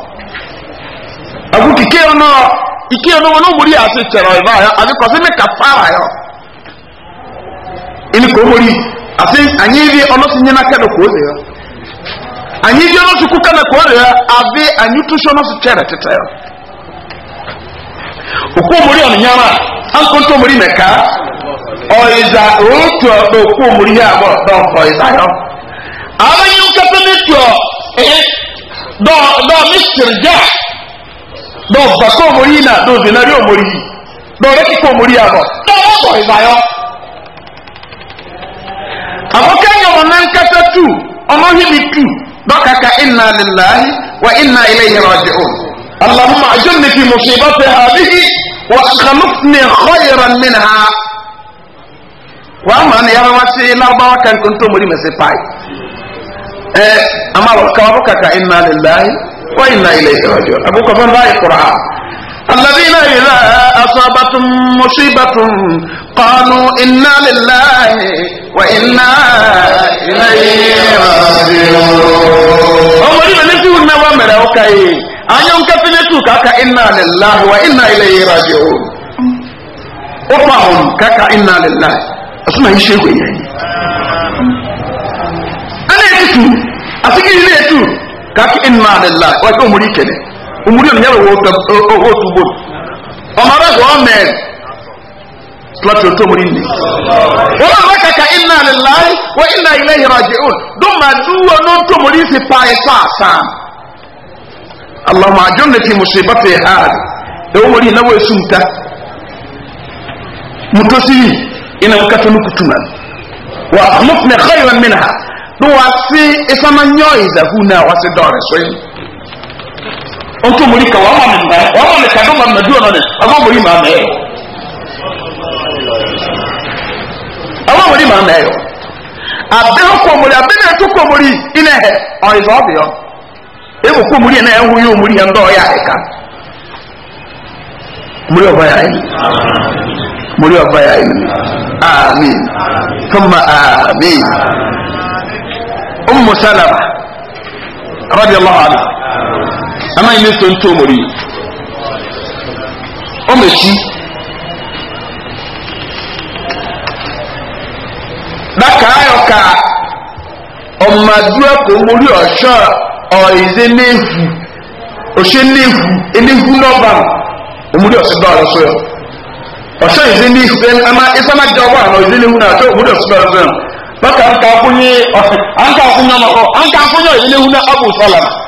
abudu ike yẹn náà ike yẹn náà wọn omoni yà ase kyerɛ ọ̀yẹ̀ báyọ̀ àti kọ́sí mi kàfàrà yọ ẹni kò omoni ase anyi bi ọ̀nà ti nyina kẹ́dọ̀ kò ọ̀dẹ̀ yọ anyi bi ọ̀nà ti kú kẹ́dọ̀ kò ọ̀dẹ̀ yọ àbí anyi tó so ọ̀nà ti kyerɛ okwomori ọnụnyama ankụntụ omori meka ọịza otu ọkpọ okwomori ya agba ọdọ ọịza ya abanye nkata n'etu e, dọ mistir ja dọ bata omori na dọ omori dọ rekika omori ya agba dọ ọịza ya abokan yawon tu ọmọ hibi tu dọ kaka inna اللهم اجرني في مصيبتي هذه واخلفني خيرا منها واما ان يرى نفسي واسي اربعه كان كنت مريم سيفاي إيه اما وكابك انا لله وانا اليه راجعون ابوك فان راي القران الذين إذا أصابتهم مصيبة قالوا إنا لله وإنا إليه راجعون أمري من يقول ما وامر أوكي أن ينكفن كاكا إنا لله وإنا إليه راجعون أطعهم كاكا إنا لله أسمع يشيكو يعني أنا يتو أسكي يتو كاكا إنا لله وأتو مريكني umuri ni yàrá wọ́n tu bọ́ọ̀lù ọmọ bá sọ ọ́n mẹ́rin láti ọ̀tọ́ omori ni. wọ́n bá kàkà iná lẹ́láì wọ́n iná ilé yàrá jẹ́ òun dùnmà dúró ní ọ̀tọ́ omori sì pa ẹ̀ sáàsá. alama àjọ nìkì mùsùlùmí bàtẹ̀ ha ẹ̀ wọ́n mọ̀rí ìnáwó mutosi ina nkata nukutu na wa mufne khayran minha do wasi isama nyoy zahu na wasi dore so Otu mori ka wọn mọmi nba wọn mọmi ka dọgba mọdu ọnọ ni ọgbọ mori maa mẹ yọ ọgbọ mori maa mẹ yọ abe ọkọ abe na ẹtọ kọ mori ina ẹ ọyẹsọ ọbi yọ ewu kọ mori ẹna ẹhu yọ mori tuma rabi allah ama yi ne so nto mo yi ɔmo ekyi daka ayɔ ka ɔmadua komori ɔhyɛ ɔyɛdze n'ehu ɔhyɛ n'ehu enehu n'ɔba omori ɔsi dɔɔrɔ so yɛ ɔhyɛ ɔyɛdze n'ehu ama esama gya ɔba na ɔyɛdze n'ehu na ɔhyɛ omori ɔsi dɔɔrɔ so yɛ baka nka akunye ɔhɛ anka akunye ɔmɔ anka akunye ɔyɛdze n'ehu na ɔbu sɔlɔ na.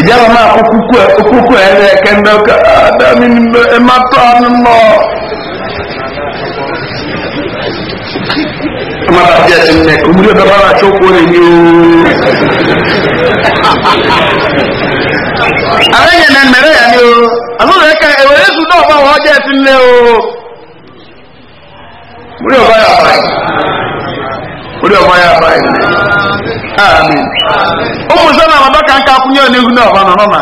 ìjábọ̀ máa kúkú ẹ̀ ẹ̀ kẹ́ńdọ́ àdámi ẹ má tọ́ àánú mọ́. ọmọ àti ẹsẹ̀ ń mẹ́kọ̀ múlẹ̀ bẹ́ẹ̀ bá wà tó kó lè ní ooo. àrẹ́yìn náà mẹ́rẹ́ yà ni ooo àtúntò ẹ̀ka ẹ̀wẹ̀ yéṣu náà bá wọ́n jẹ́ ẹ̀sìn lé ooo. múlẹ̀ ọ̀bá yà báyìí múlẹ̀ ọ̀bá yà báyìí. amen ụmụ sọ na amaba ka nka akwụnye n'egwu na ọba nọ na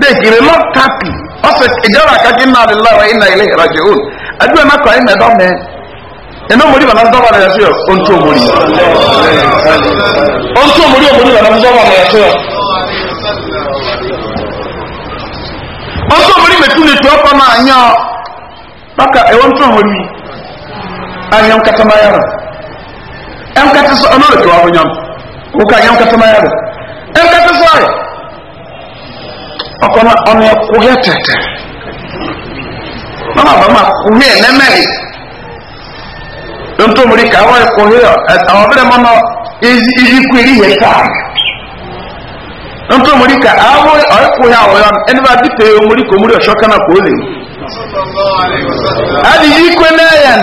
dekiri lọ kapi ọsọ ejọba aka gị nna alịla wa ịna ile raja on adịghị na kọrọ ịna dọme ẹnu omori bana ndọba na yasọ ontu omori ontu omori omori bana ndọba na yasọ ontu omori metu n'etu ọkọ na anya ọ maka ewu ntu omori anya nkata mayara ɛnkɛtɛ sɔ ɔno lɛtɔ ɔmo nyam kuka nyam kɛtɛ mɛ yɛrɛ ɛnkɛtɛ sɔ yɛ ɔkɔnɔ ɔno yɛ kuhɛ tɛtɛ mama bama kuhɛ nɛmɛli ntomori ka ɔyɛ kuhɛ ɛtɛ ɔbɛrɛ mɔ nɔ ezi ezi kueri yɛ taa ntomori ka awo ɔyɛ kuhɛ awɔyɔ ɛniba bi pe omori komori ɔsɔ kana k'ole adi yi kwe n'ayɛ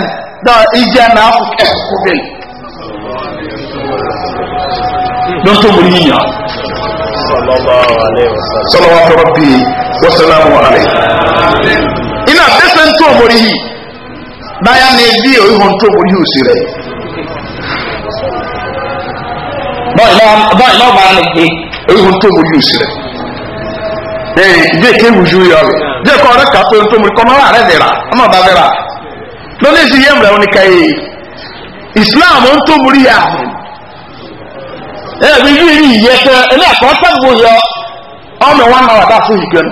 dɔ idza n'afɔ kɛ kube lọ́tọ̀ mọ̀rí yíyan sọlọ́wọ́ tọrọ bí wọ́sálàmù alẹ́ iná tẹ́sẹ̀ ń tó mọ̀rí yìí báyà ní bí òyìnbó ń tó mọ̀rí yìí sí rẹ̀ báyìí náà máa ń gbé òyìnbó ń tó mọ̀rí yìí sí rẹ̀ ee ìdí èké wùjú yọ rẹ̀ díẹ̀ kọ́ ọ̀rẹ́ kàtó ń tó mọ̀rí kọ́ ọ̀nà rẹ̀ dẹ̀ra ọ̀nà ọ̀dà dẹ̀ra lọ́nà ìsìn yẹ́mùrẹ̀ wọn ni e, ká yé e. islam ń tó mọ̀rí yà Ee ilé rí ìyẹ́ tẹ́ ilé ẹ̀kọ́ tẹ́gbò yọ ọmọ wọn náà wàdá fún ìgbẹ́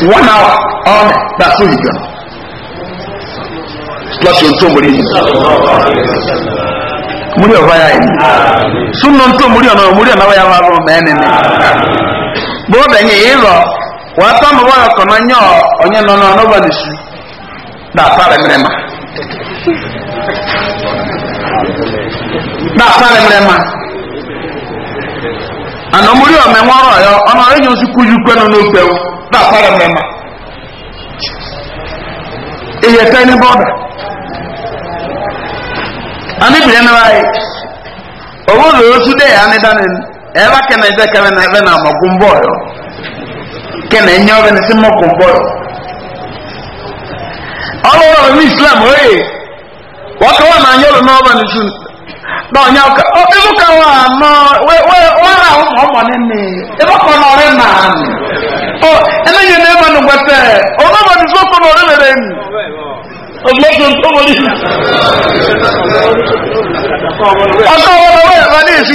nù wọn náà ọmọ dá fún ìgbẹ́ nù lọ́sí ohun tó múrí yìí múrí ọ̀fà yá yìí súnmọ́ tó múrí ọ̀nà múrí ọ̀nà wáyà wà lọ́wọ́ mẹ́rin ni bọ́ọ̀ bẹ̀yìn yìí lọ wọ́n á tọ́mọ̀ wọ́n ọkọ̀ náà yàn ọ̀nyẹ́ nọ́nà ọ̀nà ọ̀bà nìṣú na asare mrema ana omuri ome nwọrọ ya ọnụ enyi osikwu ukwe nọ n'ofe na asare mrema ihe tẹ ní bọ́ọ̀dà anibire nira yi owó lòó tún dé yà á ní dání ẹ na islam oye. na wà máa yọ̀rọ̀ náà ọba nìṣú náà ọ ọkọ ebúkọ wà nọ wẹ wẹ wọn à ń mọ̀ ọ́ nínú ebúkọ náà ọ̀rẹ́ náà nì ọ eléyìí ní ẹ̀ma nìgbẹ́tẹ̀ ọ̀nà ọba nìṣú ọkọ náà ọ̀rẹ́ lẹ́rẹ́ nì ọ̀gbọ́n tó wọlé ọkọ wọn lọ ndị isi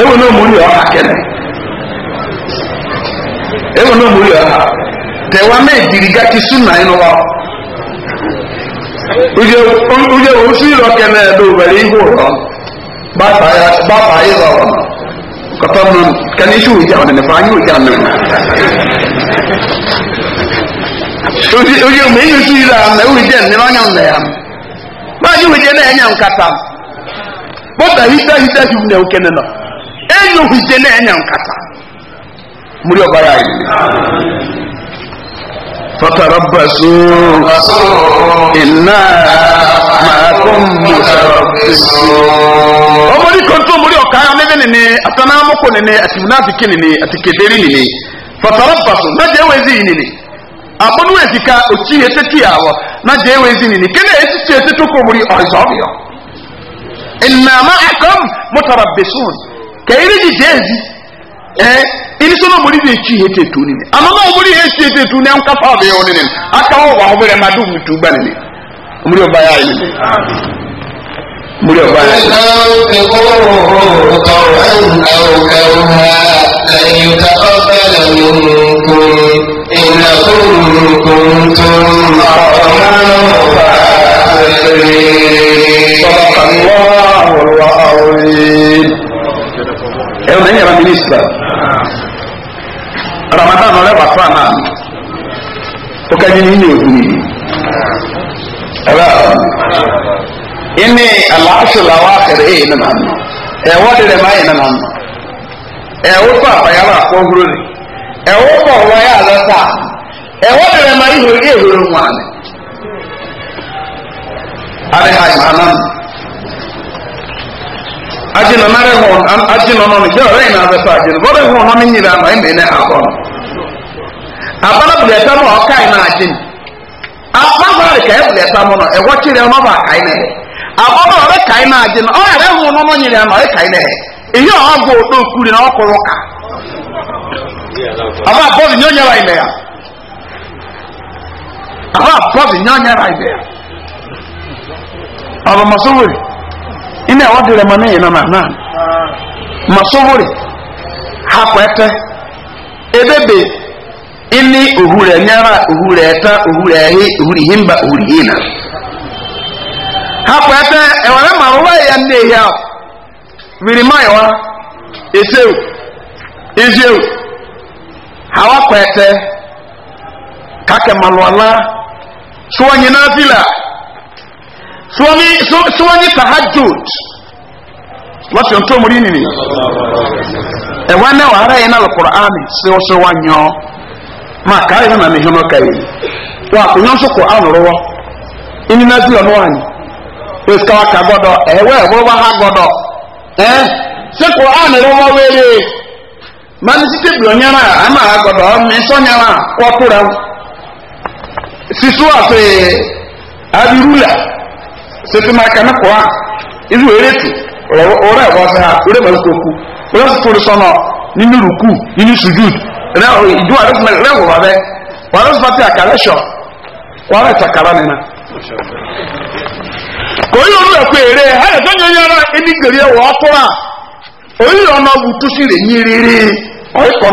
ewu náà mú yọ ọha kẹlẹ ewu náà mú yọ ọha tẹwa mẹ́ẹ̀ dìrìgá ti sún náà inú wa uje um, uje osu um, ilo kẹmẹ ẹdọ wẹlẹ ihu rọ bàtà yà bàtà yìí rọ wọn kọtọ mu kẹni isu ìjà wọn nìfọ anyi ìjà nù uje uje omi isu ilo àmì ewu ìjà nìfọ anyi ọ̀nà yà mọ báyìí ìjà náà ẹ̀yà nkàtà. bọ́dà hisa hisa ju ne nkene na enyo hise na enya nkata muri ọba ya yi fatarabaso ina maakun musarabiso ọmọdé kọ́ńtò muri ọ̀ka níbi nìní atanamoko nìní àti munafiki nìní àti kedere nìní fatarabaso nájà ewé zi nìní abọ́nuwé sika òtí yẹtẹ́tì àwọ̀ nájà ewé zi nìní kéde ètí yẹtẹ́tì kò muri ọ̀rẹ́sọ̀bìọ̀. ìnàmà àkàm mọ́tàrà bẹ̀sùn kẹ̀yìn ní jẹ́ẹ̀zì ẹ̀ irisọ́nà mọ̀rí bẹ̀ kí hẹ́tẹ̀ tó nínú àmọ́ náà mọ̀rí hẹ́tẹ̀ hẹ́tẹ̀ tó ní ẹ̀ńkà fáwọn bẹ̀yẹ̀ ọ̀nínú akáwọ̀ wà ọ̀bẹ̀rẹ̀ máa dùn mí túgbà nínú mọ̀rí ọba yà yìí mọ̀rí ọba yà yìí. صدق الله العظيم ẹ̀rọ ní ìyàrá mínísítà ramadan ọ̀rẹ́ bàtà náà ó kájí ní ìyẹn òkú yìí ẹ̀rọ ìní aláṣọlá wa kẹrẹ èyí nínú àná ẹ̀wọ́ dẹ̀rẹ̀ báyìí nínú àná ẹ̀wọ́ tó àbáyára àkọ́húrò ni ẹ̀wọ́ pọ̀ wáyà lọ́tà ẹ̀wọ́ dẹ̀rẹ̀ máa ìhòòhò ìhòòhò wọn àná. Adé ha ìmọ̀ àná nù. aji na nare hon an aji no no re na be sa aji re hon no mi nyira na me ne ha hon abana bule na aji apa ba re ka no e ba abo re na re hon na ihe o do kuri na okoro ka aba bo ni nyonya ya aba bo ni nyonya ya aba ina ya wadda rama ne yana na masu ah. wuri ha kwete ebebe ini uhure nyara uhure eta uhure ehi uhure himba uhure hina ha kwete ewere maruwa ya ndị ehi a wiri mayewa esewu ezewu hawa kwete kake maluala suwanyi na fila sọwọ́nyí tahajud lọ́sí ọ̀tọ́ omori nini. ẹ̀wọ́n náà wàhálà yẹn náà lọ́kọ̀rọ̀ ámì sí ọ̀sẹ̀ wa nyọ́ máa káyé hàn mí hìnnà káyé wà kò nyọ́ nsọ́kọ̀ ẹni náà wa kà gbọ́dọ̀ ẹ̀wọ́ ẹ̀wọ́ wa ha gbọ́dọ̀ ẹ̀ sẹ́kọ̀ ànúrọ́wọ́ títí sísú sètì máa kà mẹ́kọ̀ọ́ à irú erétu ọ̀rẹ́ ẹ̀wọ́ ha ọ̀rẹ́ bàbá tó kú ọ̀rẹ́ sì fúru sọ́nà nínú rùkú nínú sùjúd rẹ ìdú rẹ wọ̀ bàbẹ́ wọ́n rẹ sọ́tì àkàrẹ́ sọ wọ́n rẹ sàkàrà nínú. kò yí olú ẹ̀kọ́ èrè ẹ̀rẹ́ tó yẹn yára ẹni gèrè wọ́ ọ́tọ́ra òyìn ọ̀nà wùtú sí rè yín rere ọ̀ẹ́kọ̀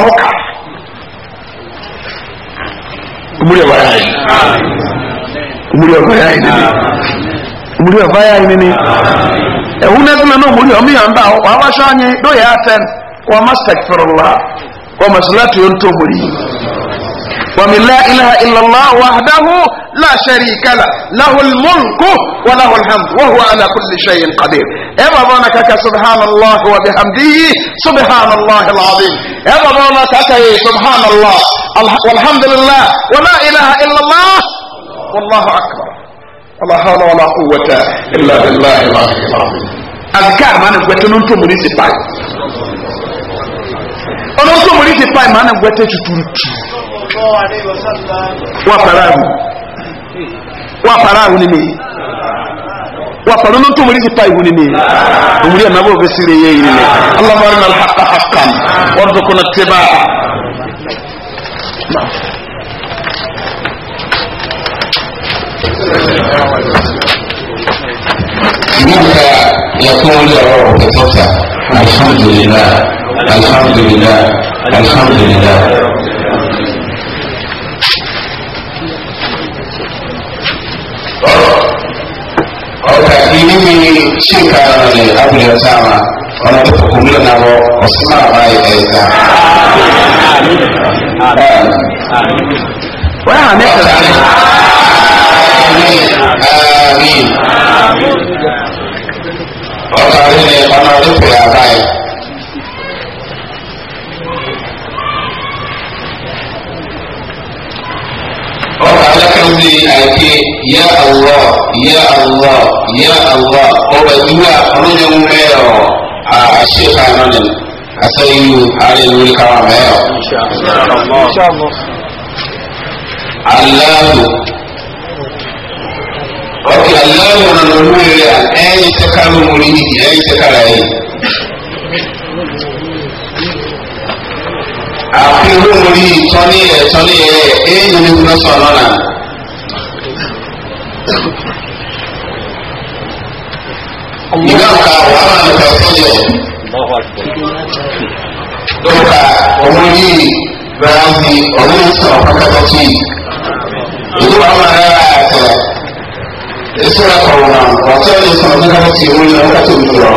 náà muri ọba ya yi nini ẹ̀hún náà tún náà muri ọmọ yàn bá wà wá sọ anyi ló yà á tẹ́n wà má sẹ̀kfẹ̀rọ̀lá wà má sọ̀láàtì yóò tó muri wà mí lá ilá ilàlá wà dáhù lá sẹ́rí kálá láhùl mọ́nkó wà láhùl hamd wà hùwà àlà kúlì ṣẹ́yìn kàdé ẹ bá bọ́ na kàkà subhanallah wà bí hamdiyi subhanallah alazim ẹ bá bọ́ na kàkà yìí subhanallah alhamdulillah wà lá ilá ilàlá wàlláhu akbar. wala hawla wala quwwata illa billahi al-aliyyil azim azkar man gwete non to muri sipai ono to muri sipai man gwete tuturutu wa parahu wa parahu ni mi wa parahu non to muri sipai hu ni mi umuri na bo besire yeyi ni allahumma arina al-haqqa haqqan warzuqna ittiba'a nígbà yẹtọ́wọ́lé ọ̀rọ̀ òkè tọ́ta alhamdulillah alhamdulillah alhamdulillah. ọ̀gá ìlú mi ṣì ń kára rẹ̀ abúlé ọ̀tá wa ọ̀nà tó kọ̀kọ́ mílíọ̀nù náà wọ ọ̀sán máa bá ẹ̀ ẹ̀ ta. wọ́n á mẹ́tọ̀ọ́ àmín. ọ̀sán rí ni ọmọ ọdún pè é báyìí. ọ̀sán lẹ́kọ̀ọ́ sí àìké yá àwùrọ̀ yá àwùrọ̀ yá àwùrọ̀ ọ̀rọ̀ ìdúrà ọlọ́jọ́ ń bẹ́ ọ̀ àṣẹ kàánọ́nì àṣẹyìn àárẹ̀ káwọn mẹ́rọ. aláàbò ọkì aláwọ̀ nà ló wú rẹ̀ ẹ̀yìn tẹ́ka ló mú rí nìyí ẹ̀yìn tẹ́ka rà yìí. àfi ló mú rí tọ́ni ẹ̀ tọ́ni ẹ̀ ẹ̀yìn ló mú lọ́sọ̀ lọ́nà. ìgbà ka wàhálà ní ká sọ́jọ́ lọ́ka òun yìí rà á di ọ̀rẹ́ sọ̀rọ̀ pátákó tí ìlú àwọn ará àtẹ̀rẹ̀ ìṣúra kọ̀ọ̀nà ọ̀tọ́ ní sọ̀rọ̀ nígbà tí wọ́n yẹ wọ́n tó ń lọ.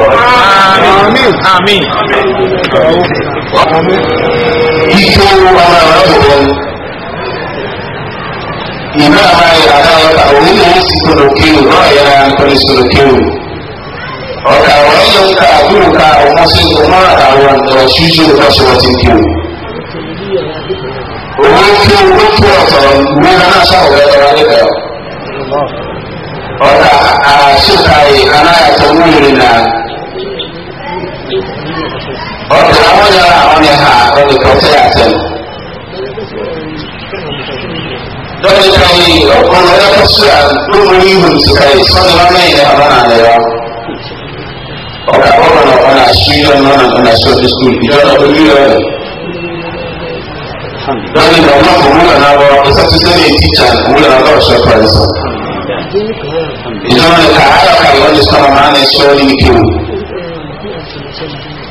àmín ara rẹ̀ bọ̀ ìmọ̀ àwọn ẹ̀yà adáyọ̀tà onílé ń sì tó lòkèwò náà yẹra nítorí sí lòkèwò. ọ̀kà àwọn ẹ̀yọ̀ ń ka àbúrò ka ọmọ sí ọmọ àwọn ọ̀dọ̀ ṣíṣe ìfọ̀ṣọ́ ti kí o. owó kí owó kí ọ̀tọ̀ ìwé náà sọ̀rọ̀ ẹ̀rọ ọ̀la àṣìṣàyè aláyàtọ̀múlùmínà ọ̀dọ̀ àwọn yàrá àwọn ẹ̀ha ọ̀dọ̀kọ̀tẹ́ àtẹ̀m. dọ́kítà kàyé ọkùnrin ọ̀dọ́kọ̀ sùrà lóhùn ihun ti kàyé sọ́dọ̀ lọ́nà ìdá ọ̀nà àlẹ́wà. ọ̀gá ọ̀nà ọ̀nà àṣírí ọ̀nà ọ̀nà àṣírí skul ìjọba onílé ọ̀nà. dọ́kítà ọ̀nà kò wúlò náà wọ ìjọba ní kàhálà kàlọ́ ní sọ̀rọ̀ máa ní sọ̀rọ̀ ní ike o.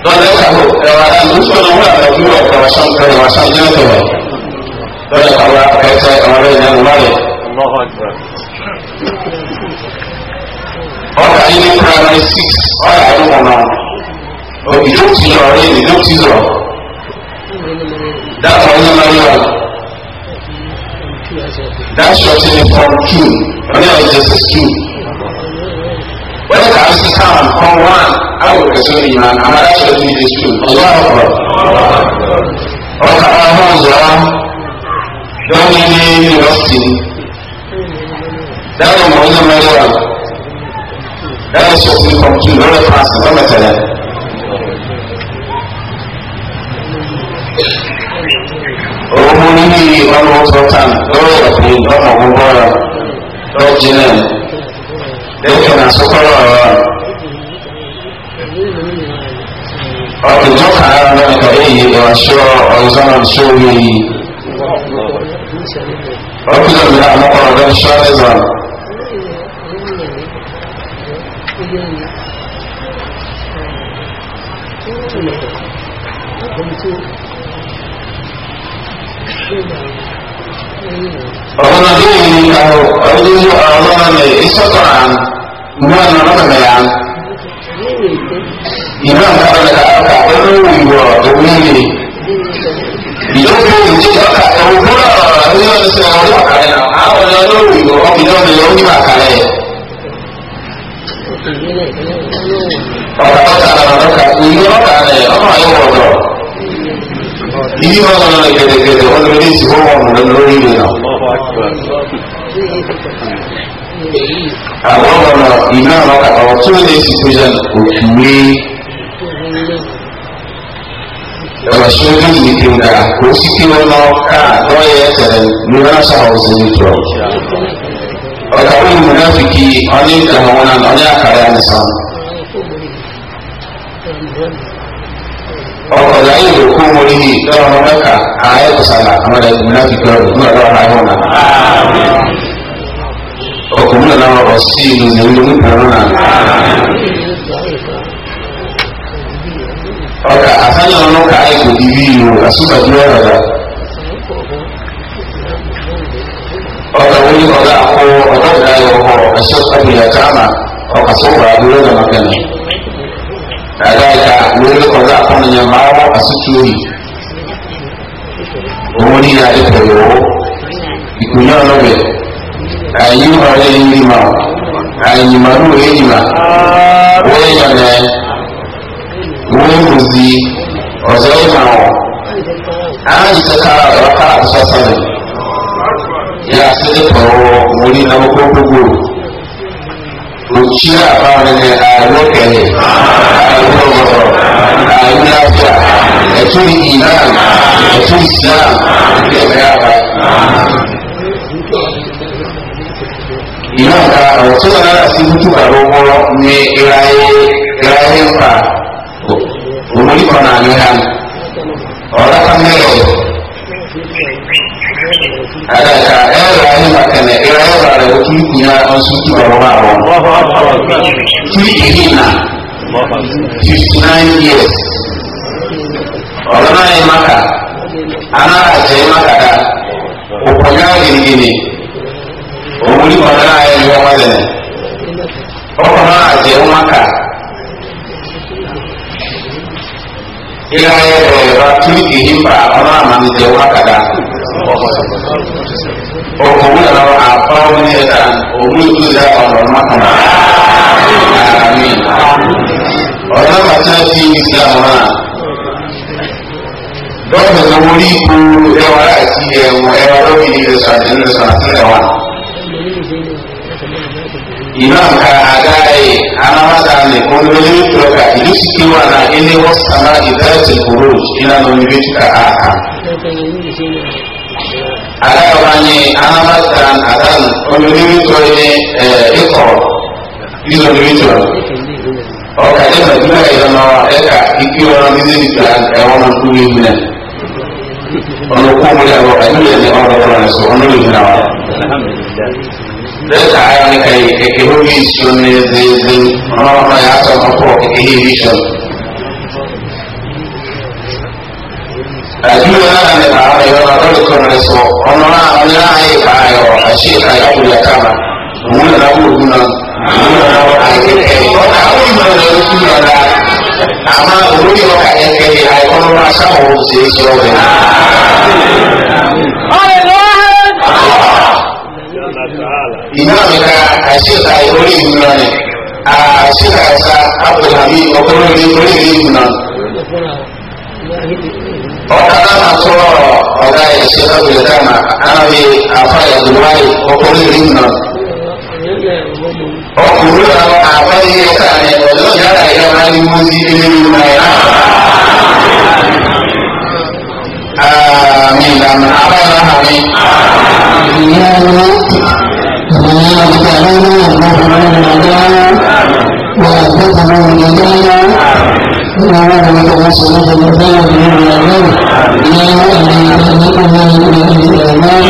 lọ́dọ̀ kàwọ́ ẹ̀wà àdúgbò sọ̀rọ̀ wúlò àbẹ̀ wúlò ọ̀pọ̀ ọ̀sán kẹrì wà sàn jẹ́ ọ̀tọ̀ wọ̀. lọ́dọ̀ kàwọ́ ẹ̀tẹ̀ ọ̀rẹ́ ìyanu wáyé. ọ̀rọ̀ ayé ní primary six ọ̀rọ̀ ayé wọn náà òbí yóò ti lọ ọ̀rẹ́ ìdí yóò ti lọ. dákọ̀ ọ̀rẹ́ náà That's what it is from June. Now it's just June wani ka asu sa an kan wa abu ka so ni ma amma da so ni dis tu Allahu akbar o ka ba ho zo don ni ni wasi da mu wannan mai da da so ni ko ki no da pass ba mata da Ọmọ ní ìwà lọ́wọ́ sọ́tàn lọ́wọ́ ìwà pé lọ́mọ gbogbo ọ̀rọ̀ lọ́jọ́ náà lẹ́yìn náà sọ́kọ́rọ̀ ọ̀rọ̀ ọ̀tún tó kà á lọ kọ̀ èyí ọ̀ṣọ́ ọ̀zọ́nà ṣóòwì yìí ọ̀tún tó kà á lọ kọ̀ ọ̀dọ́ ṣọ́ọ̀zọ̀. ọ̀gbọ́n náà lóyún له أرجو أعلم إستطاع ما نرد يعني إذا نرد أعلم وأولي بلوكو جيت أكثر ولا أرجو أن سأعود علينا أعلم أولي وأبدأ بلوكي معك عليه ọ̀pọ̀lọpọ̀ ara ọ̀rọ̀ka ìlú ọ̀rọ̀ka rẹ̀ ọmọ ayé wọ̀ lọ. Ibi wọn lọ lọ gẹ̀dẹ̀gẹ̀dẹ̀ wọn lórí ìsìnkú wọn lórí ìrìnà. àwọn ọ̀nà iná àwọn ọ̀rọ̀ tó lè fi péjọ òkúwé ọ̀rọ̀ ṣe ń bí ìdí ọ̀dà kò sí kí wọ́n lọ ká lọ́yẹ̀ ẹ̀sẹ̀ ní ránṣà ọ̀sẹ̀ nìjọ. ọ̀dà wọn mú náà fi kí ọní ìkànnì wọn náà ọní àkàrà nìsan. ọkọ̀ láyé ló kó wọn ní lọ́wọ́ mẹ́ka ààyè kọ̀sálà àwọn ẹ̀dùn náà fi kọ́ ọ̀dùn náà lọ́wọ́ ààyè wọn náà ọkùnrin náà lọ́wọ́ sí inú ní ìlú náà. ọkà àtàlẹ́ ọ̀nà ọkà ẹ̀kọ́ ìwé ìlú àsùnbàdì ọ̀rọ̀ ọkà wọlé ọ̀gá àkọ́ ọ̀gá ìdá ọkọ̀ ẹ̀ṣọ́ ọ̀gbìn ẹ̀ka àmà ọkà sọ̀rọ̀ àbúrò náà mọ̀kànnì. kàdá ìka wọlé ọ̀gá àkọ́nìyàn máa wọ́ àsùtù òyì òun ní ìyá ẹ̀kọ́ ìwọ́ ìkùnyẹ́ ọlọ́gbẹ̀ẹ́ ayima le yima ayima nu le yima wo yima lɛ wo nuzi ɔzɔ yima o ayi tɛ ka ɔlɔ ka sɔsɔ le ya se ne tɔrɔ wuli na ko gbogbo o tsi la ba mi lɛ alo kɛlɛ alo wɔrɔ alo lafiya ɛtu iman ɛtu islam ɛtu ɛfɛ yaba imanka okusoma nakasintuka lwobolo ne erayempa omuliko nanyonamu olakamero adaka erayempa kene erayolale otulikunya onsuntuka lwobaabo tuli erina 59 years olonayemaka anakajemaka da okonyagiringine òun ní wọn náà ẹyọ wọn lẹ ọkọ náà àti ẹwọn maka ilé ayé ẹ bá tú èyí mbà ọmọ àmàmì jẹ wọn kàdá ọkọ wọn lọ àpá wọn ní ẹta òun ìlú ìlà ọmọ ọmọ kan àmì ọ̀nà bàtà fi islam náà dọ́kítà wọlé ipò ẹwà àti ẹwà ẹwà lọ́wọ́ ìdílé sọ àti ìdílé sọ àti ẹwà imam ka agaye ana masa ne ko lori troka idu siki wana ile wasama idati kuruj ina no ni bitu ka aha ala wani ana masa adan olori bitu ne iko izo ni bitu ọka ne ma duna ka yana wa eka iki wana ni zini ka ka wana kuri mina ọnu kumuli awo ayi ne ọnu kura ne so ọnu ne mina wa alhamdulillah dẹ́ka ayé ka yi kẹ̀kẹ́ ló bí ìṣó ní ẹ̀dẹ́gbẹ́ ọmọ ọmọ yà á sọ fún pọ̀ kẹ̀kẹ́ yìí bí ìṣó. Àdúgbò náà ní àwọn ẹ̀rọ àbọ̀lù kan rẹ̀ sọ ọmọ náà ní láàyè ká ayọ̀ àṣẹ ká yà wù yà kama òun nà náà wù nà òun nà náà àyè kẹ̀kẹ́ ọ̀nà àwọn ìmọ̀ rẹ̀ ló kú nà dá. Àmà olóyè ọkà kẹ̀kẹ́ yìí àyẹ̀kọ́ ló máa ṣàwọ̀ òun ṣe é ṣe imamu ka a ce ta yi wani guna ne a ce ta sa abu da mi a kuma ne wani ne guna ọkara na tọrọ ọga ya ce abu da dama ana bi a fara dubai a kuma ne guna ọkùnrin na àbá yẹ ká ní ọjọ́ yàrá yàrá ni mo ti ní nínú ẹ̀ náà. Àmì ìlànà abáyọ̀ àmì. Àmì ìlànà. اجعلنا رحمة الله وفتحا إلينا ونعوذ بك من شرور البلد من الأمر لا أن يكلمنا إلا الإيمان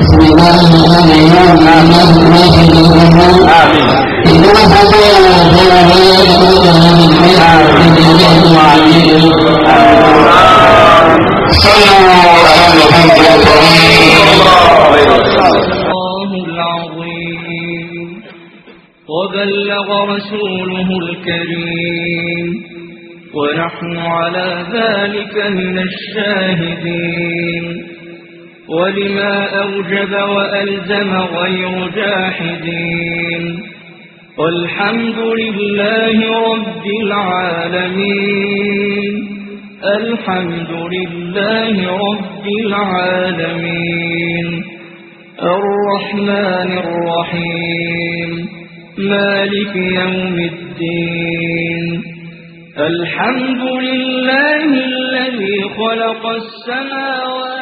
بسم الله الرحمن الرحيم الله الواحد الرحمن إذا حضر الجمعية أولا من البيت بالجميع وعليه صلوا على محمد بلغ رسوله الكريم ونحن على ذلك من الشاهدين ولما أوجب وألزم غير جاحدين والحمد لله رب العالمين الحمد لله رب العالمين الرحمن الرحيم مالك يوم الدين الحمد لله الذي خلق السماوات